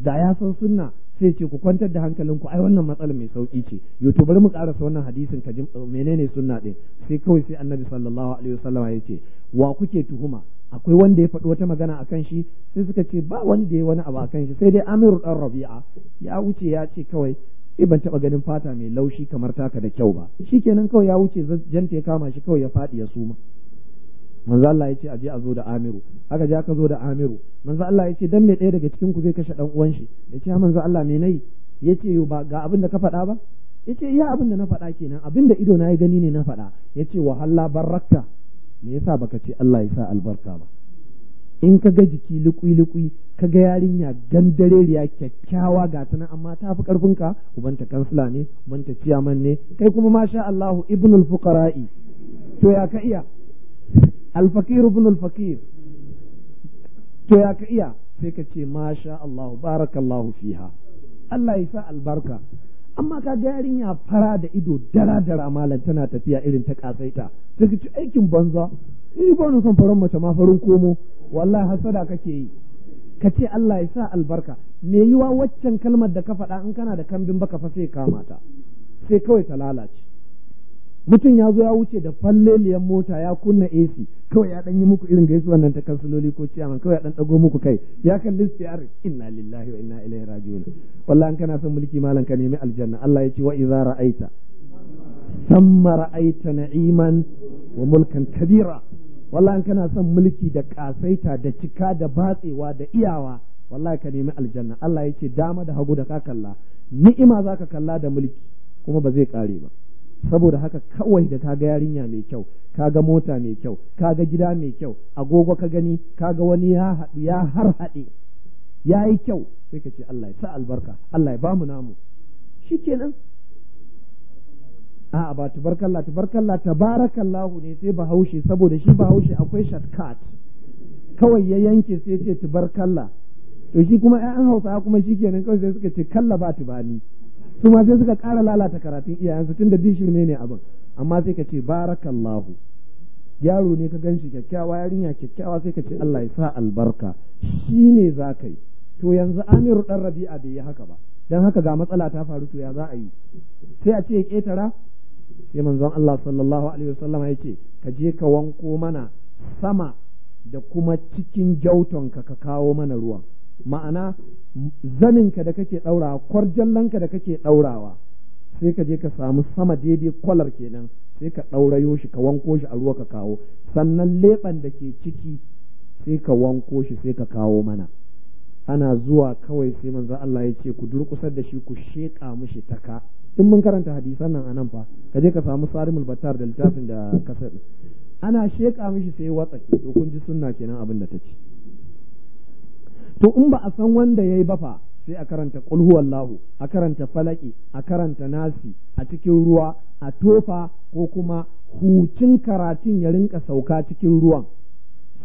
A: da ya san sunna sai ce ku kwantar da hankalinku ai wannan matsalar mai sauki ce yau bari mu karasa wannan hadisin ka ji menene sunna din sai kawai sai annabi sallallahu alaihi wasallam ya ce wa kuke tuhuma akwai wanda ya faɗi wata magana a kan shi sai suka ce ba wani da ya wani abu a kan shi sai dai Amiru dan Rabi'a ya wuce ya ce kawai eh ban taɓa ganin fata mai laushi kamar taka da kyau ba shi kenan kawai ya wuce janta ya kama shi kawai ya faɗi ya suma manzo Allah ya ce aje a zo da Amiru aka je aka zo da Amiru manzo Allah ya ce dan me ɗaya daga cikin ku zai kashe dan uwan shi ya ce manzo Allah me nayi ya ce ba ga abin da ka faɗa ba ya ce iya abin da na faɗa kenan abin da ido na ya gani ne na faɗa ya ce wahalla barakta me yasa baka ce Allah ya sa albarka ba in ka ga jiki lukui-lukui ka ga yarinya gandareriya kyakkyawa ga ta nan amma ta fi karfinka ubanta kansila ne ubanta ciyaman ne kai kuma masha ibn ibnul fuqara'i to ya ka iya alfakir ibnul fakir to ya ka iya sai ka ce masha Allahu barakallahu fiha Allah ya sa albarka amma ka ga yarinya fara da ido dara dara malam tana tafiya irin ta kasaita ta ci aikin banza ni ba son faran mace ma farin komo wallahi hasada kake yi ka ce Allah ya sa albarka me yiwa waccan kalmar da ka faɗa in kana da kambin baka fa sai kama ta sai kawai ta lalace mutum ya zo ya wuce da falleliyan mota ya kunna AC kawai ya dan yi muku irin gaisu nan ta saloli ko ciyaman kawai ya dan dago muku kai ya kalli siyar inna lillahi wa inna ilaihi raji'un wallahi an kana son mulki malan ka nemi aljanna Allah ya ce wa idza ra'aita thumma ra'aita na'iman wa mulkan kabira wallahi an kana son mulki da kasaita da cika da batsewa da iyawa wallahi ka nemi aljanna Allah ya ce dama da hagu da ka kalla ni'ima zaka kalla da mulki kuma ba zai kare ba saboda haka kawai da kaga yarinya mai kyau kaga mota mai kyau kaga gida mai kyau agogo ka gani kaga wani ya haɗu ya har haɗe ya yi kyau sai ka ce Allah ya sa albarka Allah ya ba mu namu shi kenan a'a ba tubarkalla tubarkalla tabarakallahu ne sai bahaushe saboda shi bahaushe akwai shortcut kawai ya yanke sai ce tubarkalla to shi kuma ƴaƴan Hausawa kuma shi kenan kawai sai suka ce kalla ba bani. su ma sai suka ƙara lalata karatun iyayensu tun da dishirme ne abin amma sai ka ce barakallahu yaro ne ka gan shi kyakkyawa yarinya kyakkyawa sai ka ce Allah ya sa albarka shi ne za ka yi to yanzu amiru ɗan rabi'a bai yi haka ba dan haka ga matsala ta faru to ya za a yi sai a ce ya ketara sai manzon Allah sallallahu alaihi wasallam ya ce ka je ka wanko mana sama da kuma cikin jautonka ka kawo mana ruwan ma'ana zaninka da kake ɗaurawa kwarjallanka da kake ɗaurawa sai ka je ka samu sama daidai kwalar kenan sai ka ɗaurayo shi ka wanko shi a ruwa ka kawo sannan leɓen da ke ciki sai ka wanko shi sai ka kawo mana ana zuwa kawai sai manzo Allah ya ce ku durƙusar da shi ku sheƙa mishi taka in mun karanta hadisan nan anan fa ka je ka samu sarimul battar da littafin da kasar ana sheƙa mishi sai ke to kun ji sunna kenan abin da ta ce to in ba a san wanda yayi ba fa sai a karanta qul wallahu a karanta falaki a karanta nasi a cikin ruwa a tofa ko kuma hucin karatun ya rinka sauka cikin ruwan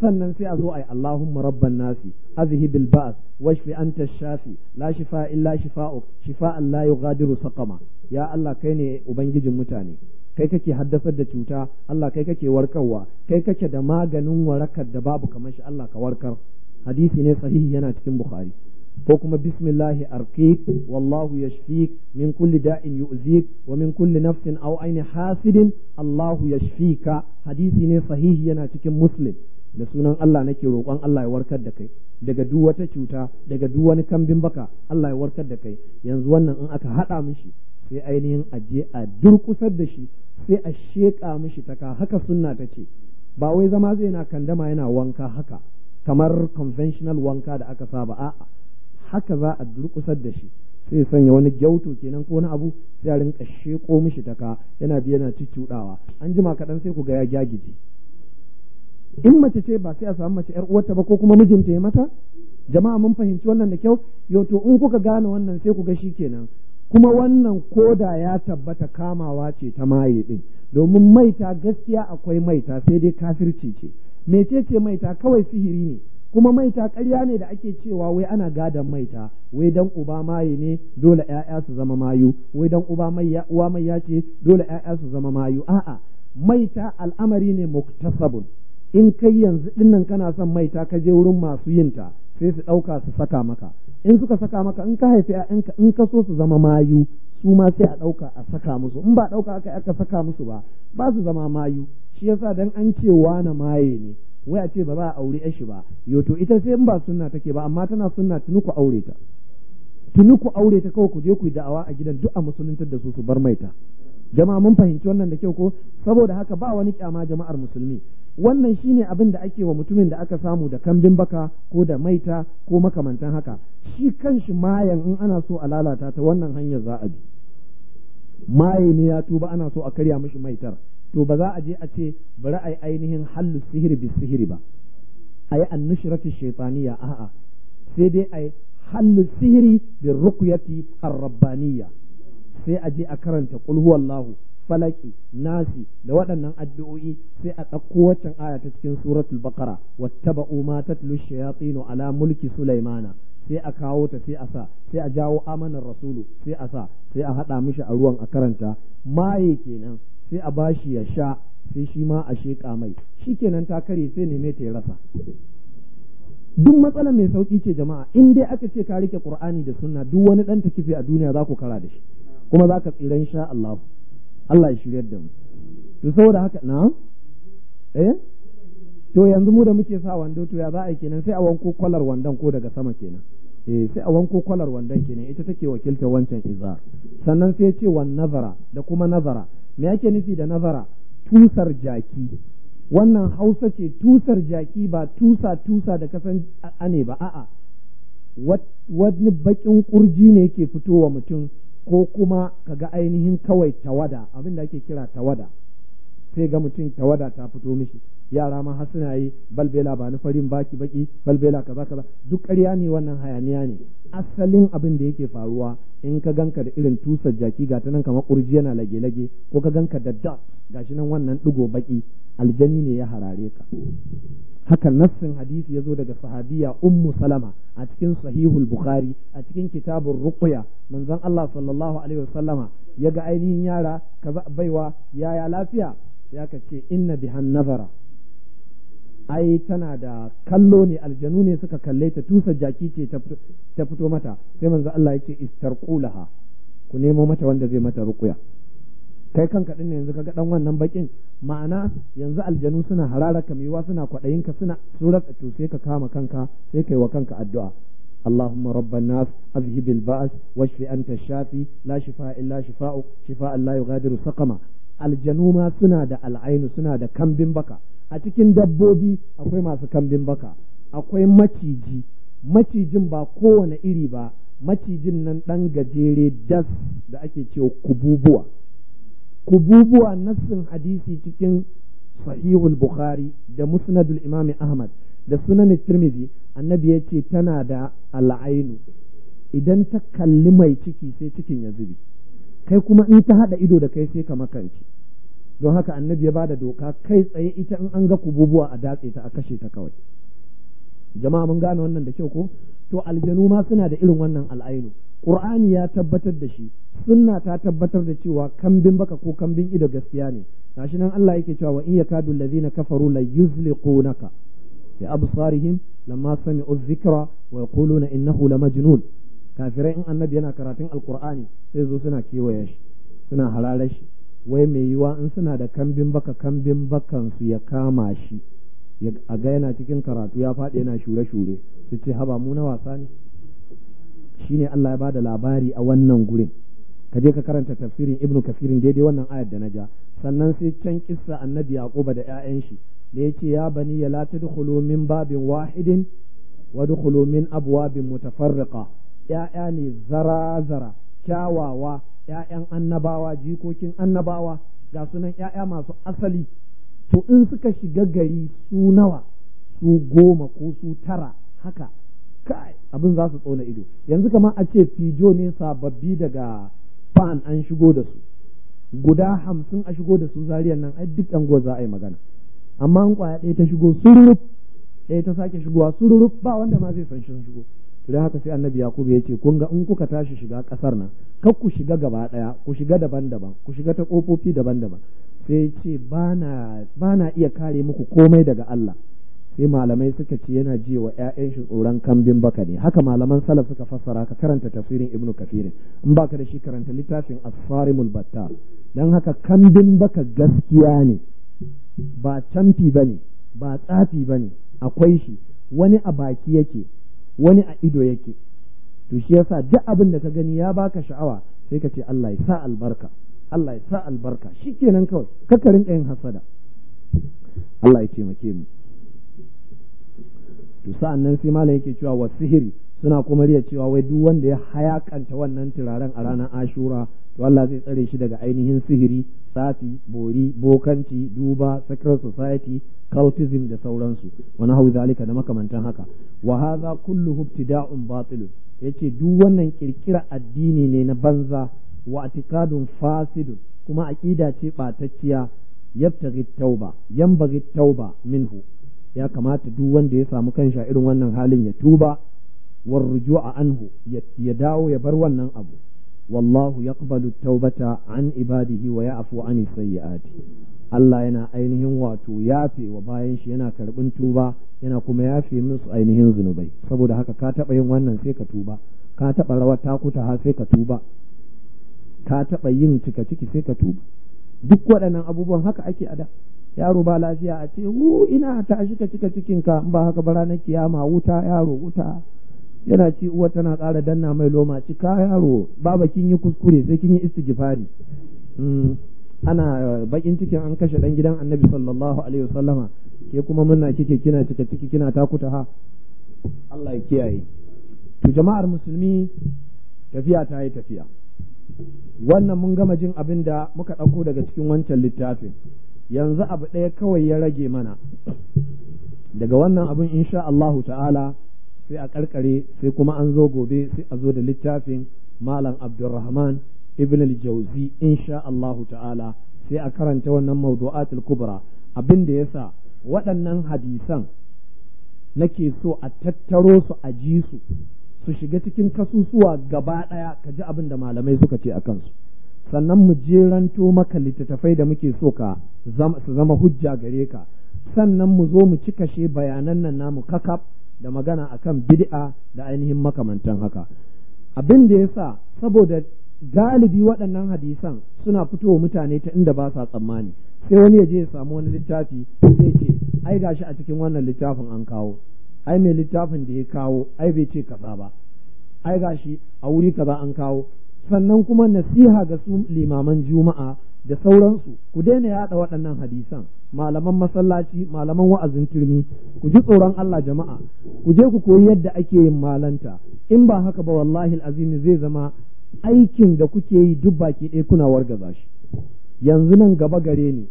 A: sannan sai a zo a yi Allahumma rabban nasi azhibil ba'as washfi anta shafi la shifa illa shifa'uk shifa'an la yughadiru saqama ya Allah kai ne ubangijin mutane kai kake haddasar da cuta Allah kai kake warkarwa kai kake da maganin warakar da babu kamar shi Allah ka warkar hadisi ne sahihi yana cikin bukhari ko kuma bismillahi arqiq wallahu yashfik min kulli da'in yu'zik wa min kulli nafsin aw ayni hasidin Allahu yashfika hadisi ne sahihi yana cikin muslim da sunan Allah nake roƙon Allah ya warkar da kai daga duk wata cuta daga duk wani kambin baka Allah ya warkar da kai yanzu wannan in aka haɗa mishi sai ainihin aje a durkusar da shi sai a sheƙa mishi taka haka sunna ta ce ba wai zama zai na kandama yana wanka haka kamar conventional wanka da aka saba a'a haka za a durƙusar da shi sai sanya wani gyauto kenan ko wani abu sai a rinka sheko mishi ta ka yana biya yana cuccuɗawa an jima kaɗan sai ku ga ya gyagiji in mace ce ba sai a samu mace yar uwarta ba ko kuma mijinta ya mata jama'a mun fahimci wannan da kyau yau to in kuka gane wannan sai ku ga shi kenan kuma wannan koda ya tabbata kamawa ce ta maye din domin maita gaskiya akwai maita sai dai kafirci ce mecece maita kawai sihiri ne kuma maita karya ne da ake cewa wai ana gadon maita wai dan uba maye ne dole ƴaƴa su zama mayu wai dan uba mai uwa mai ya ce dole yaya su zama mayu a'a maita al'amari ne muktasabun in kai yanzu dinnan kana son maita ka je wurin masu yinta sai su ɗauka su saka maka in suka saka maka in ka haifi yayanka in ka so su zama mayu su ma sai a ɗauka a saka musu in ba ɗauka aka aka saka musu ba ba su zama mayu shi yasa dan an ce wani maye ne wai a ce ba za a aure shi ba yau to ita sai in ba sunna take ba amma tana sunna tuni ku aure ta tuni ku aure ta kawai ku je ku yi da'awa a gidan duk a musuluntar da su su bar maita jama'a mun fahimci wannan da kyau ko saboda haka ba wani kyama jama'ar musulmi wannan shine abin da ake wa mutumin da aka samu da kambin baka ko da maita ko makamantan haka shi kanshi mayan in ana so a lalata ta wannan hanyar za a bi maye ne ya tuba ana so a karya mishi maitar to ba za a je a ce bari a yi ainihin hallu sihiri bi sihiri ba a yi annushrati shaitaniya a'a sai dai a yi hallu sihiri bi ruqyati ar-rabbaniyya sai a je a karanta qul huwallahu falaki nasi da waɗannan addu'o'i sai a ɗauko waccan aya ta cikin suratul baqara wattaba'u ma tatlu shayatinu ala mulki sulaimana sai a kawo ta sai a sa sai a jawo amanar rasulu sai a sa sai a haɗa mishi a ruwan a karanta maye kenan sai a bashi ya sha sai shi ma a sheƙa mai shi kenan ta kare sai neme ta rasa duk matsala mai sauki ce jama'a in dai aka ce ka rike qur'ani da sunna duk wani dan takife a duniya za ku kara da shi kuma za ka tsira insha Allah Allah ya shiryar da mu to saboda haka na eh to yanzu mu da muke sa wando to ya za a kenan sai a wanko kwalar wandon ko daga sama kenan eh sai a wanko kwalar wandon kenan ita take wakiltar wancan izar sannan sai ya ce wan nazara da kuma nazara me ake nufi da nazara tusar jaki wannan hausa ce tusar jaki ba tusa tusa da kasan ane ba a'a wani bakin kurji ne yake fitowa mutum ko kuma kaga ainihin kawai tawada abin da ake kira tawada sai ga mutum tawada ta fito mishi yara ma har suna yi balbela ba na farin baki baki balbela kaza kaza duk ƙarya ne wannan hayaniya ne asalin abin da yake faruwa in ka ganka da irin tusar jaki ga ta nan kamar ƙurji yana lage lage ko ka ganka da dot gashi nan wannan ɗigo baki aljani ne ya harare ka haka nassin hadisi ya zo daga sahabiya ummu salama a cikin sahihul bukhari a cikin kitabun ruqya manzon Allah sallallahu alaihi wasallama ya ga ainihin yara kaza baiwa yaya lafiya Ya aka ce inna bihan nazara ai tana da kallo ne aljanu ne suka kalle ta tusa jaki ce ta fito mata sai manzo Allah yake istarqulaha ku nemo mata wanda zai mata ruqya kai kanka din yanzu kaga dan wannan bakin ma'ana yanzu aljanu suna harara ka suna kwadayin ka suna surat to sai ka kama kanka sai kai wa kanka addu'a اللهم رب الناس أذهب البأس واشف أنت الشافي لا شفاء إلا شفاؤك شفاء لا يغادر سقما aljanu ma suna da al'ainu suna da kambin baka a cikin dabbobi akwai masu kambin baka akwai maciji macijin ba kowane iri ba macijin nan ɗan gajere das da ake cewa kububuwa kububuwa nassin hadisi cikin sahihul bukhari da musnadul imami ahmad da sunan tirmidhi annabi ya ce tana da al'ainu idan ta kalli mai ciki sai cikin ya zubi kai kuma in ta haɗa ido da kai sai ka makance don haka annabi ya bada doka kai tsaye ita in an ga kububuwa a datse ta a kashe ta kawai jama'a mun gane wannan da kyau ko to aljanu ma suna da irin wannan al'ainu qur'ani ya tabbatar da shi sunna ta tabbatar da cewa kambin baka ko kambin ido gaskiya ne gashi nan Allah yake cewa wa in yakadu allazina kafaru la yuzliqunaka bi absarihim lamma sami'u dhikra wa yaquluna innahu lamajnun kafirai in annabi yana karatun alkur'ani sai zo suna kewaye shi suna hararar shi wai mai yiwa in suna da kambin baka kambin bakan su ya kama shi a ga yana cikin karatu ya faɗi yana shure-shure su ce haba mu na wasa ne shine Allah ya bada labari a wannan gurin ka je ka karanta tafsirin ibnu kafirin daidai wannan ayar da na ja sannan sai can kissa annabi yaquba da 'ya'yan shi da yace ya bani ya la tadkhulu min babin wahidin wa dkhulu min abwabin mutafarriqa ‘ya'ya ne zara-zara, kyawawa, ‘ya'yan annabawa, jikokin annabawa, ga sunan ‘ya'ya masu asali, to in suka shiga gari su nawa, su goma ko su tara haka, kai abin za su tsona ido. Yanzu kamar a ce fijo ne sababbi daga fan an shigo da su, guda hamsin a shigo da su zariyan nan, ai duk anguwar za a yi magana. Amma an in ɗaya ta shigo sururuf, ɗaya ta sake shigowa sururuf ba wanda ma zai san shigo. sai haka sai annabi yakubu ya ce kun ga in kuka tashi shiga kasar nan kar ku shiga gaba daya ku shiga daban-daban ku shiga ta kofofi daban-daban sai ce ba na iya kare muku komai daga Allah sai malamai suka ce yana ji wa 'ya'yan shi tsoron kambin baka ne haka malaman salaf suka fassara ka karanta tafsirin ibnu kafirin in baka da shi karanta littafin asfarimul battar dan haka kambin baka gaskiya ne ba canfi bane ba tsafi bane akwai shi wani a baki yake wani a ido yake to shi yasa duk abin da ka gani ya baka sha'awa sai ka ce Allah ya sa albarka Allah ya sa albarka shikenan kawai kakarin ɗayan hasada Allah ya taimake mu to sa'an nan sai malam yake cewa wa sihiri suna kuma riya cewa wai duk wanda ya hayakanta wannan turaren a ranar ashura to zai tsare shi daga ainihin sihiri sati bori bokanci duba secret society cultism da sauransu wani hau zalika da makamantan haka wa hadha kulluhu ibtida'un ya ce duk wannan kirkira addini ne na banza wa atikadun fasidun kuma aqida ce batacciya yabtaghi tauba ba tauba minhu ya kamata duk wanda ya samu kansa irin wannan halin ya tuba a anhu ya dawo ya bar wannan abu wallahu yaqbalu taubata an ibadihi wa ya'fu an sayyi'ati Allah yana ainihin wato yafe wa bayan shi yana karbin tuba yana kuma yafe musu ainihin zunubai saboda haka ka taba yin wannan sai ka tuba ka taba rawar takuta ha sai ka tuba ka taba yin cika ciki sai ka tuba duk waɗannan abubuwan haka ake ada yaro ba lafiya a ce hu ina ta shika ka cika cikinka in ba haka ba ranar kiyama wuta yaro wuta yana ci uwa tana ƙara danna mai loma ci ka yaro baba kin yi kuskure sai kin yi istighfari hmm. ana eh, bakin cikin an kashe dan gidan annabi sallallahu alaihi wasallama ke kuma muna kike kina cika ciki kina takuta ha Allah ya kiyaye to jama'ar musulmi tafiya ta yi tafiya wannan mun gama jin abin da muka ɗauko daga cikin wancan littafin yanzu abu ɗaya kawai ya rage mana daga wannan abin insha Allahu ta'ala sai a karkare sai kuma an zo gobe sai a zo da littafin malam abdulrahman ibn al-jauzi insha Allahu ta'ala sai a karanta wannan mawdu'atul kubra abin da yasa waɗannan hadisan nake so a tattaro su a ji su su shiga cikin kasusuwa gaba ɗaya ka ji abin da malamai suka ce a kansu sannan mu jeranto maka littattafai da muke so ka su zama hujja gare ka sannan mu zo mu ci kashe bayanan nan namu kakaf da magana a kan bid'a da ainihin makamantan haka abin da ya sa saboda galibi waɗannan hadisan suna fitowa mutane ta inda ba sa tsammani sai wani ya je ya samu wani littafi zai ce ai gashi a cikin wannan littafin an kawo ai mai littafin da ya kawo ai bai ce kaza ba ai gashi a wuri kaza an kawo sannan kuma nasiha ga su limaman juma'a da sauransu ku daina yaɗa waɗannan hadisan malaman masallaci malaman wa'azin turmi ku ji tsoron Allah jama'a ku je ku koyi yadda ake yin malanta in ba haka ba wallahi azimi zai zama aikin da kuke yi duk baki ɗaya kuna wargaza shi yanzu nan gaba gare ni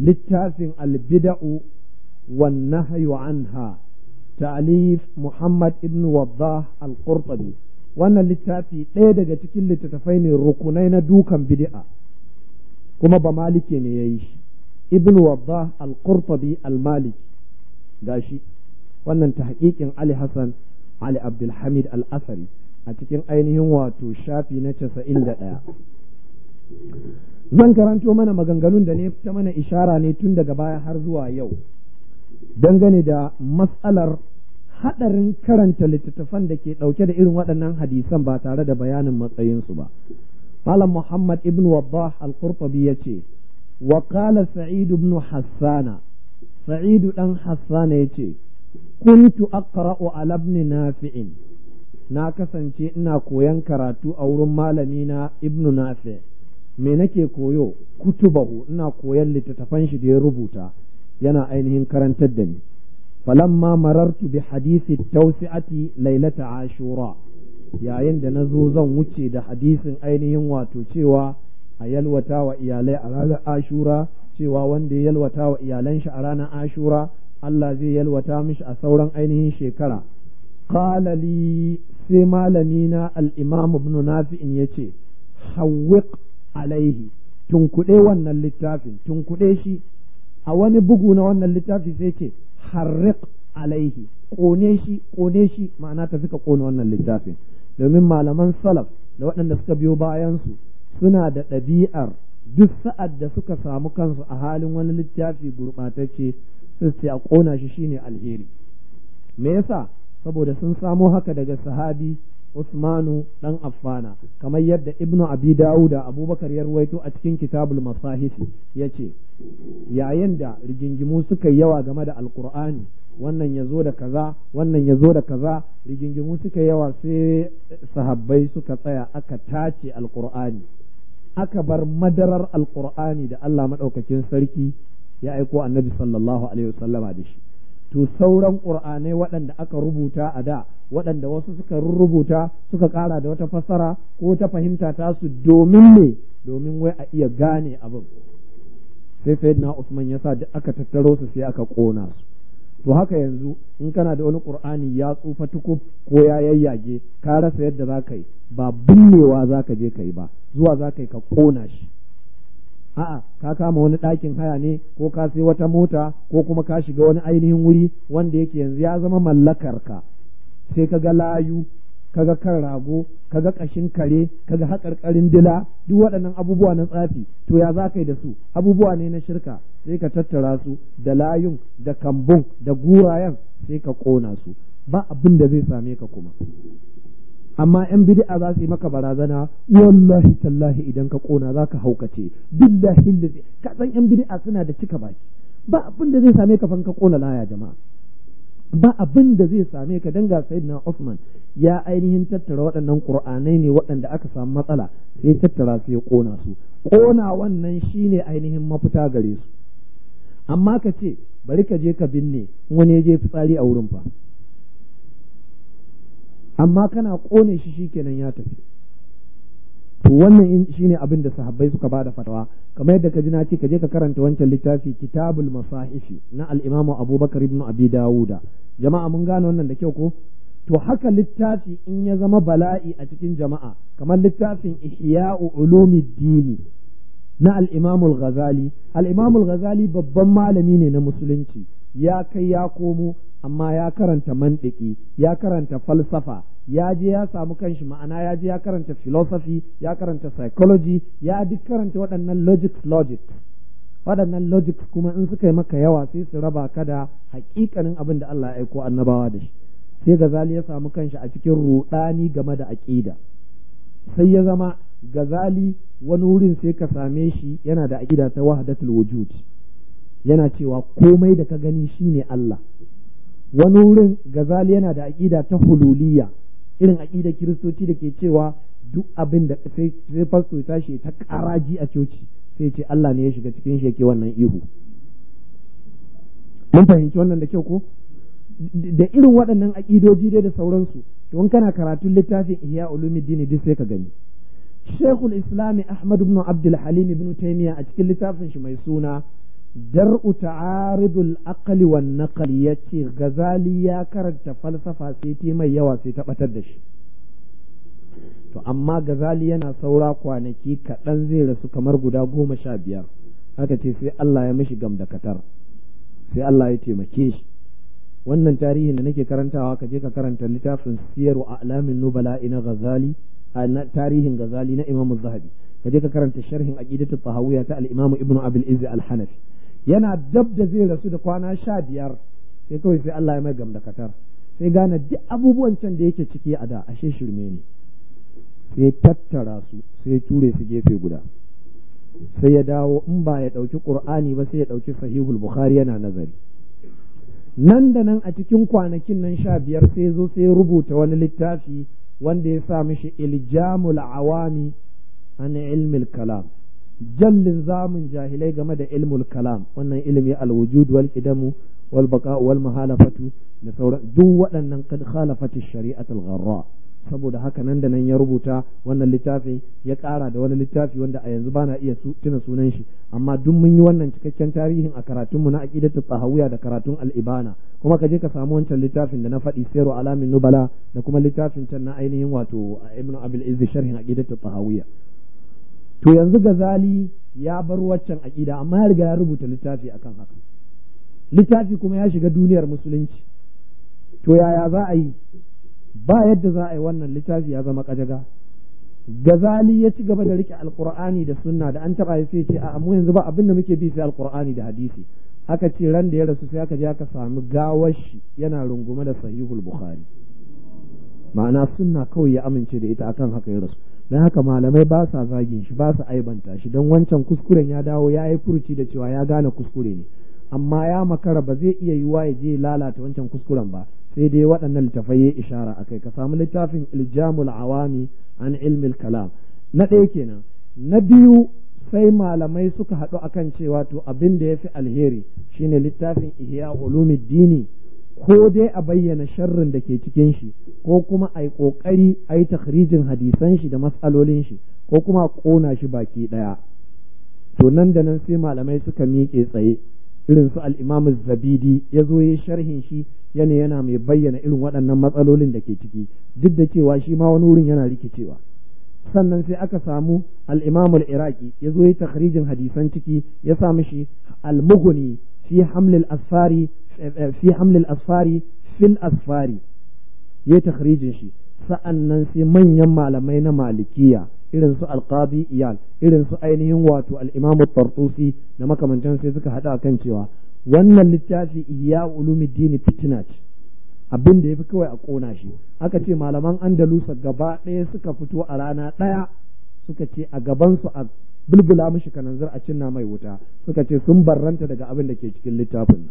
A: littafin albida'u wan nahyu anha ta'alif Muhammad ibn wadah al-Qurtubi wannan littafi ɗaya daga cikin littattafai ne rukunai na dukan bid'a kuma ba maliki ne ya yi shi ibn wadda al-qurtubi al-maliki gashi wannan tahqiqin ali hasan ali hamid al-asari a cikin ainihin wato shafi na 91 zan karanto mana maganganun da ne ta mana ishara ne tun daga baya har zuwa yau dangane da matsalar haɗarin karanta littattafan da ke ɗauke da irin waɗannan hadisan ba tare da bayanin matsayinsu ba قال محمد ابن وضاح القرطبي يتي وقال sa'idu بن حسان sa'idu بن حسان ya ce kuntu على ابن نافع na kasance ina koyon karatu a wurin malamina ibnu nafi me nake koyo kutubahu ina koyon littattafan shi da ya rubuta yana ainihin karantar da ni mamarar tu bi hadisi tawsi'ati lailata ashura yayin da na zo zan wuce da hadisin ainihin wato cewa a yalwata wa iyalai a ranar ashura cewa wanda ya yalwata wa iyalan shi a ranar ashura Allah zai yalwata mishi a sauran ainihin shekara qala sai Malamina al-imam ibn nafi'in yace hawwiq alaihi tunkuɗe wannan littafin tunkuɗe shi a wani bugu na wannan littafin sai ce harriq alaihi kone shi kone shi ma'ana ta fika kone wannan littafin domin malaman salaf da waɗanda suka biyo bayansu suna da ɗabi'ar duk sa'ad da suka samu kansu a halin wani littafi gurɓatacce sai ce a ƙona shi shine alheri me yasa saboda sun samo haka daga sahabi Usmanu dan Affana kamar yadda Ibnu Abi dauda da Abubakar ya ruwaito a cikin Kitabul ya yace yayin da rigingimu suka yawa game da Alqur'ani wannan ya zo da kaza wannan ya zo da kaza rigingimu suka yawa sai sahabbai suka tsaya aka tace alkur'ani aka bar madarar alkur'ani da Allah maɗaukakin sarki ya aiko annabi sallallahu alaihi wasallama da shi to sauran ƙur'anai waɗanda aka rubuta a da waɗanda wasu suka rubuta suka ƙara da wata fassara ko ta fahimta tasu domin ne domin wai a iya gane abin sai sayyidina Usman ya sa duk aka tattaro su sai aka ƙona su to haka yanzu in kana da wani ƙur'ani ya tsufa tukuf ko ya yayyage ka rasa yadda za ka yi ba binnewa za ka je ka yi ba zuwa za ka yi ka kona shi a'a ka kama wani ɗakin haya ne ko ka sai wata mota ko kuma ka shiga wani ainihin wuri wanda yake yanzu ya zama mallakarka sai ka ga layu ka ga kan rago ka ga ƙashin kare ka ga haƙarƙarin dila duk waɗannan abubuwa na tsafi to ya za ka yi da su abubuwa ne na shirka sai ka tattara su da layun da kambun da gurayen sai ka ƙona su ba abin da zai same ka kuma amma yan bid'a za su yi maka barazana wallahi tallahi idan ka ƙona za ka haukace billahi lillahi ka san yan bid'a suna da cika baki ba abin da zai same ka fanka kona laya jama'a ba abin da zai same ka danga ga sayyidina Usman ya ainihin tattara waɗannan qur'anai ne waɗanda aka samu matsala sai tattara su ya ƙona su ƙona wannan shine ainihin mafita gare su amma ka ce bari ka je ka binne wani ya je fitsari a wurin fa amma kana kone shi shikenan ya tafi to wannan shine abin da sahabbai suka bada fatawa kamar yadda ka ji na ce ka je ka karanta wancan littafi kitabul masahifi na al abubakar ibn abi dawuda jama'a mun gane wannan da kyau ko to haka littafi in ya zama bala'i a cikin jama'a kamar littafin ihya'u dini na al'imamul ghazali al'imamul ghazali babban malami ne na musulunci ya kai ya komo amma ya karanta mantiki ya karanta falsafa ya je ya samu kanshi ma'ana ya je ya karanta philosophy ya karanta psychology ya duk karanta waɗannan logics logics waɗannan logics kuma in suka yi maka yawa sai su raba ka da haƙiƙanin abin da Allah ya aiko annabawa da shi sai gazali ya samu kanshi a cikin ruɗani game da aƙida sai ya zama gazali wani wurin sai ka same shi yana da aƙida ta wahadatul wujud yana cewa komai da ka gani shi ne Allah wani wurin gazali yana da aƙida ta hululiya irin aƙidar kiristoci da ke cewa duk abin da sai fasto tashi ta karaji a coci sai ce Allah ne ya shiga cikin shi yake wannan ihu mun fahimci wannan da kyau ko da irin waɗannan aƙidoji dai da sauransu to in kana karatun littafin ihya ulumuddin duk sai ka gani Sheikhul Islam Ahmad ibn Abdul Halim ibn Taymiyyah a cikin littafin shi mai suna Dar'u ta'aridul aqli wan naqli yace Ghazali ya karanta falsafa sai ta mai yawa sai ta batar da shi. To amma Ghazali yana saura kwanaki kaɗan zai rasu kamar guda goma sha biyar. Haka ce sai Allah ya mishi katar Sai Allah ya taimake shi. Wannan tarihin da nake karantawa ka je ka karanta littafin Siyaru A'lamin Nubala ina Ghazali. a tarihin gazali na imamu Zahabi kaje ka karanta sharhin aqidatu tahawiyya ta al imamu ibnu Abil Izz al-Hanafi yana dab da zai rasu da kwana sha biyar sai kawai sai Allah ya mai gamda katar sai gane duk abubuwan can da yake ciki a da ashe shirme ne sai tattara su sai ture su gefe guda sai ya dawo in ba ya ɗauki ƙur'ani ba sai ya ɗauki sahihul bukhari yana nazari nan da nan a cikin kwanakin nan sha biyar sai zo sai rubuta wani littafi wanda ya sa mishi iljamul awami an ilmil kalam jallin zamun jahilai game da ilmul kalam wannan ilimi alwujud wal qidamu wal baqa wal muhalafatu da sauran duk waɗannan kad khalafati shari'atul gharra saboda haka nan da nan ya rubuta wannan littafin ya ƙara da wani littafi wanda a yanzu bana iya tuna sunan shi amma duk mun yi wannan cikakken tarihin a karatunmu na aqidatu tsahawiya da karatun Al al'ibana kuma ka je ka samu wancan littafin da na faɗi sayru alamin nubala da kuma littafin can na ainihin wato ibn abil izz sharhin aqidatu tsahawiya to yanzu gazali ya bar waccan aqida amma ya riga ya rubuta littafi akan haka littafi kuma ya shiga duniyar musulunci to yaya za a yi ba yadda za a yi wannan littafi ya zama kajaga gazali ya ci gaba da rike alqur'ani da sunna da an taba sai ce a mu yanzu ba abin da muke bi sai alqur'ani da hadisi aka ce ran da ya rasu sai aka je aka sami gawar shi yana rungume da sahihul bukhari ma'ana sunna kawai ya amince da ita akan haka ya rasu dan haka malamai ba sa zagin shi ba sa aibanta shi dan wancan kuskuren ya dawo ya yi furuci da cewa ya gane kuskure ne amma ya makara ba zai iya yiwa ya je lalata wancan kuskuren ba sai dai waɗannan littafai ya ishara a kai ka samu littafin iljamul awami an ilmil kalam na ɗaya kenan na biyu sai malamai suka haɗu akan cewa to abin da ya fi alheri shine littafin ihya dini ko dai a bayyana sharrin da ke cikin shi ko kuma a yi ƙoƙari a yi takhrijin hadisan shi da matsalolin shi ko kuma a ƙona shi baki ɗaya to nan da nan sai malamai suka miƙe tsaye irin su al zabidi ya zo ya sharhin shi yana yana mai bayyana irin waɗannan matsalolin da ke ciki duk da cewa shi ma wani wurin yana rikicewa sannan sai aka samu al-Imam iraqi ya zo ya takhrijin hadisan ciki ya sa mishi al-Mughni fi haml asfari eh, fi asfari fil asfari ya takhrijin shi sa'annan sai manyan malamai na malikiya irin su alqabi iyal irin su ainihin wato al-imamu tartusi da makamantan sai suka hada kan cewa wannan littafi iya ulumuddin fitina ce abin da yafi kawai a kona shi aka ce malaman andalusa gaba ɗaya suka fito a rana ɗaya suka ce a gaban su a bulbula mishi kananzir a cinna mai wuta suka ce sun barranta daga abin da ke cikin littafin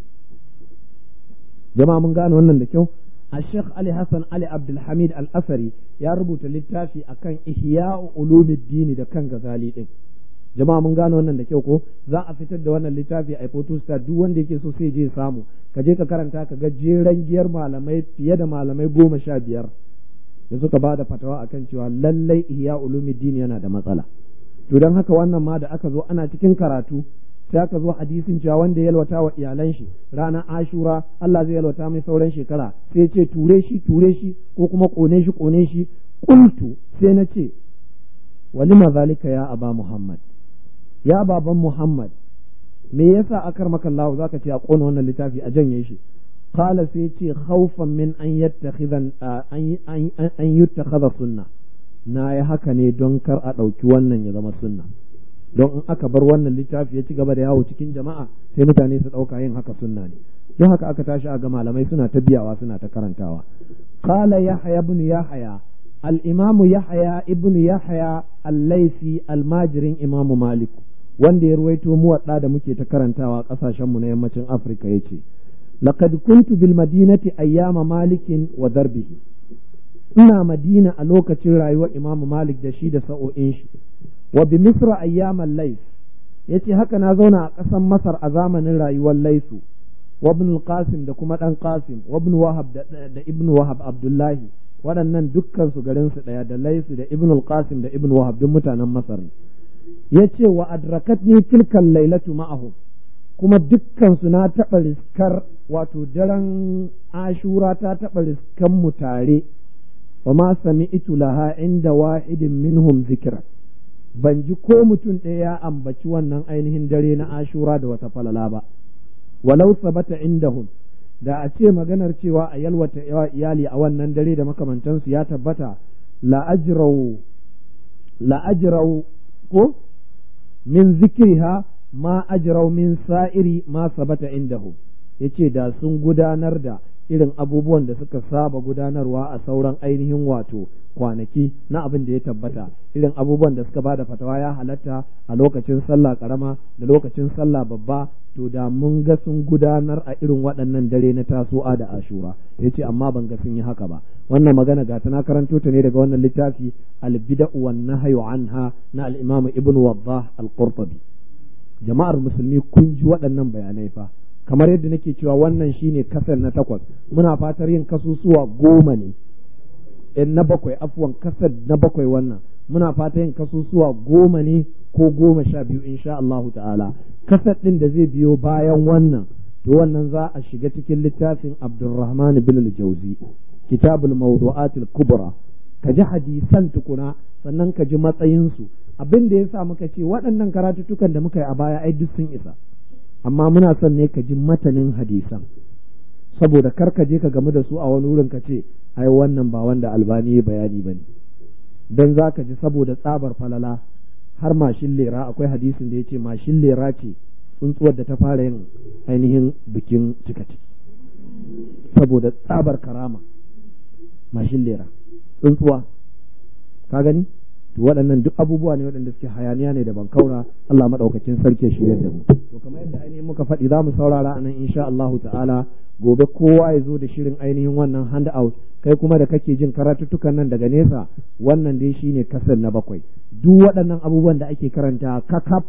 A: jama'a mun gane wannan da kyau a Sheikh Ali Hassan Ali Abdulhamid Al-Asari ya rubuta littafi akan Ihya'u Ulumuddin da kan Ghazali din jama'a mun gane wannan da kyau ko za a fitar da wannan littafi a photo star duk wanda yake so sai je samu ka je ka karanta ka ga jeren giyar malamai fiye da malamai goma sha biyar da suka ba da fatawa akan cewa lallai ihya ulumuddin yana da matsala to don haka wannan ma da aka zo ana cikin karatu sai aka zo hadisin cewa wanda ya yalwata wa iyalan shi ranar ashura Allah zai yalwata mai sauran shekara sai ce ture shi ture shi ko kuma kone shi kone shi qultu sai na ce wani zalika ya aba muhammad ya baban muhammad me yasa kar maka Allah zaka ce a kona wannan littafi a janye shi qala sai ce khawfan min an yattakhidhan an yattakhadha sunna na yi haka ne don kar a ɗauki wannan ya zama sunna don in aka bar wannan littafi ya ci gaba da yawo cikin jama'a sai mutane su ɗauka yin haka sunna ne don haka aka tashi a ga malamai suna ta biyawa suna ta karantawa qala yahya ibn yahya al-imamu yahya ibn yahya al laysi al majrin imamu malik wanda ya ruwaito mu waɗa da muke ta karantawa kasashen mu na yammacin ya yace laqad kuntu bil madinati ayyama malikin wa darbihi ina madina a lokacin rayuwar imamu malik da shi da sa'o'in shi wa bi misra ayyaman lais yace haka na zauna a ƙasar masar a zamanin rayuwar laisu wa ibn qasim da kuma dan qasim wa ibn wahab da ibn wahab abdullahi waɗannan dukkan su garin su daya da laisu da ibn qasim da ibn wahab duk mutanen masar ne yace wa adrakatni tilkan lailatu ma'ahum kuma dukkan su na taɓa riskar wato daren ashura ta taɓa riskan mu tare wa ma sami itu laha inda wahidin minhum zikira. ban ji ko mutum ɗaya ya ambaci wannan ainihin dare na ashura da wata falala ba walau sabata indahum da a ce maganar cewa a yalwata iyali a wannan dare da makamantansu ya tabbata la'ajirau la'ajirau ko min zikiriha ma ajirau min sa'iri ma sabata indahu yace da sun gudanar da irin abubuwan da suka saba gudanarwa a sauran ainihin wato kwanaki na abin da ya tabbata irin abubuwan da suka bada fatawa ya halatta a lokacin sallah karama da lokacin sallah babba to da mun ga sun gudanar a irin waɗannan dare na tasu'a da ashura ya ce amma ban ga sun yi haka ba wannan magana ga ta na karanto ta ne daga wannan littafi al wa nahyu anha na al-imam ibn wadah al-qurtubi jama'ar musulmi kun ji waɗannan bayanai fa kamar yadda nake cewa wannan shine kasar na takwas muna fatar yin kasusuwa goma ne in eh, na bakwai afuwan kasar na bakwai wannan muna fatar yin kasusuwa goma ne ko goma sha biyu insha Allahu ta'ala kasar ɗin da zai biyo bayan wannan to wannan za a shiga cikin littafin abdurrahman bin al-Jauzi kitabul mawdu'at kubra ka ji hadisan tukuna sannan ka ji matsayinsu abin da ya sa muka ce waɗannan karatuttukan da muka yi a baya ai duk sun isa amma muna son ne ka ji matanin hadisan saboda kar ka je ka gamu da su a wani wurin ka ce ai wannan ba wanda albani ya bayani bane don za ka ji saboda tsabar falala har mashin lera akwai hadisin da ya ce mashin lera ce tsuntsuwar da ta fara yin ainihin bikin cika ciki saboda tsabar karama mashin lera tsuntsuwa ka gani to waɗannan duk abubuwa ne waɗanda suke hayaniya ne da ban kaura Allah maɗaukacin sarki shi da mu to kamar yadda ainihin muka faɗi za mu saurara anan insha Allah ta'ala gobe kowa ya zo da shirin ainihin wannan hand out kai kuma da kake jin karatuttukan nan daga nesa wannan dai shine kasar na bakwai duk waɗannan abubuwan da ake karanta kakaf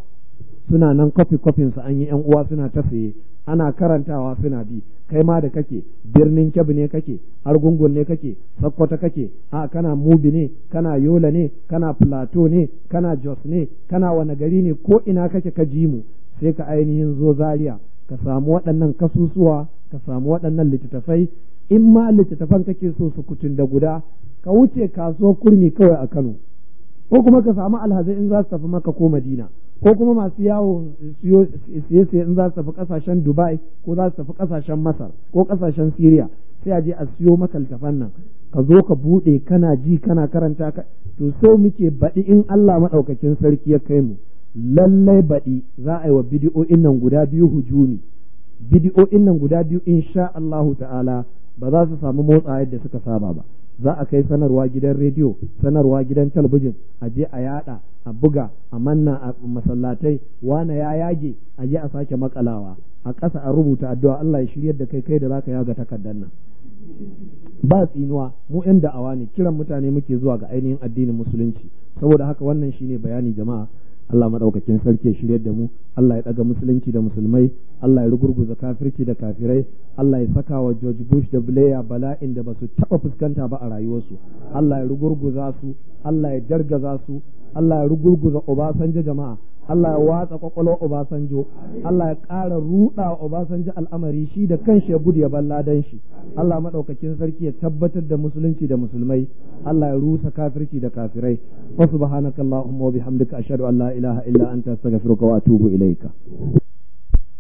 A: suna nan kwafi kwafin su an yi yan uwa suna ta saye ana karantawa suna bi kai ma da kake birnin kyabu ne kake argungun ne kake sakkwata kake a kana mubi ne kana yola ne kana plateau ne kana jos ne kana wani gari ne ko ina kake ka ji mu sai ka ainihin zo zaria ka samu waɗannan kasusuwa ka samu waɗannan littattafai in ma littattafan kake so su kutun da guda ka wuce kasuwar kurmi kawai a kano ko kuma ka samu alhazai in za su tafi maka ko madina ko kuma masu yawo siye siye in za su tafi kasashen dubai ko za su tafi kasashen masar ko kasashen syria sai a je a siyo maka littafan nan ka zo ka buɗe kana ji kana karanta ka to so muke baɗi in allah maɗaukakin sarki ya kai mu lallai baɗi za a yi wa bidiyo'in nan guda biyu hujumi bidiyo'in nan guda biyu insha allahu ta'ala ba za su samu motsa yadda suka saba ba za a kai sanarwa gidan rediyo sanarwa gidan talabijin a je a yada a buga a manna a masallatai wane ya yage a je a sake makalawa a ƙasa a rubuta addu'a Allah ya shiryar da kai kai da zaka yaga takardar nan ba tsinuwa mu yan da'awa ne kiran mutane muke zuwa ga ainihin addinin musulunci saboda haka wannan shine bayani jama'a Allah madaukakin sarki ya shiryar da mu Allah ya ɗaga musulunci da musulmai Allah ya rugurguza kafirci da kafirai Allah ya saka wa George Bush da Blair bala'in da basu taɓa fuskanta ba a rayuwarsu Allah ya rugurguza su Allah ya jargaza su Allah ya rugurguza Obasanjo jama'a Allah ya watsa kwakwalwa Obasanjo Allah ya ƙara ruɗa Obasanjo al'amari shi da kanshi ya gudu ya balla dan shi Allah maɗaukakin sarki ya tabbatar da musulunci da musulmai Allah ya rusa kafirci da kafirai wa subhanakallahumma wa bihamdika ashhadu an la ilaha illa anta astaghfiruka wa atubu ilaika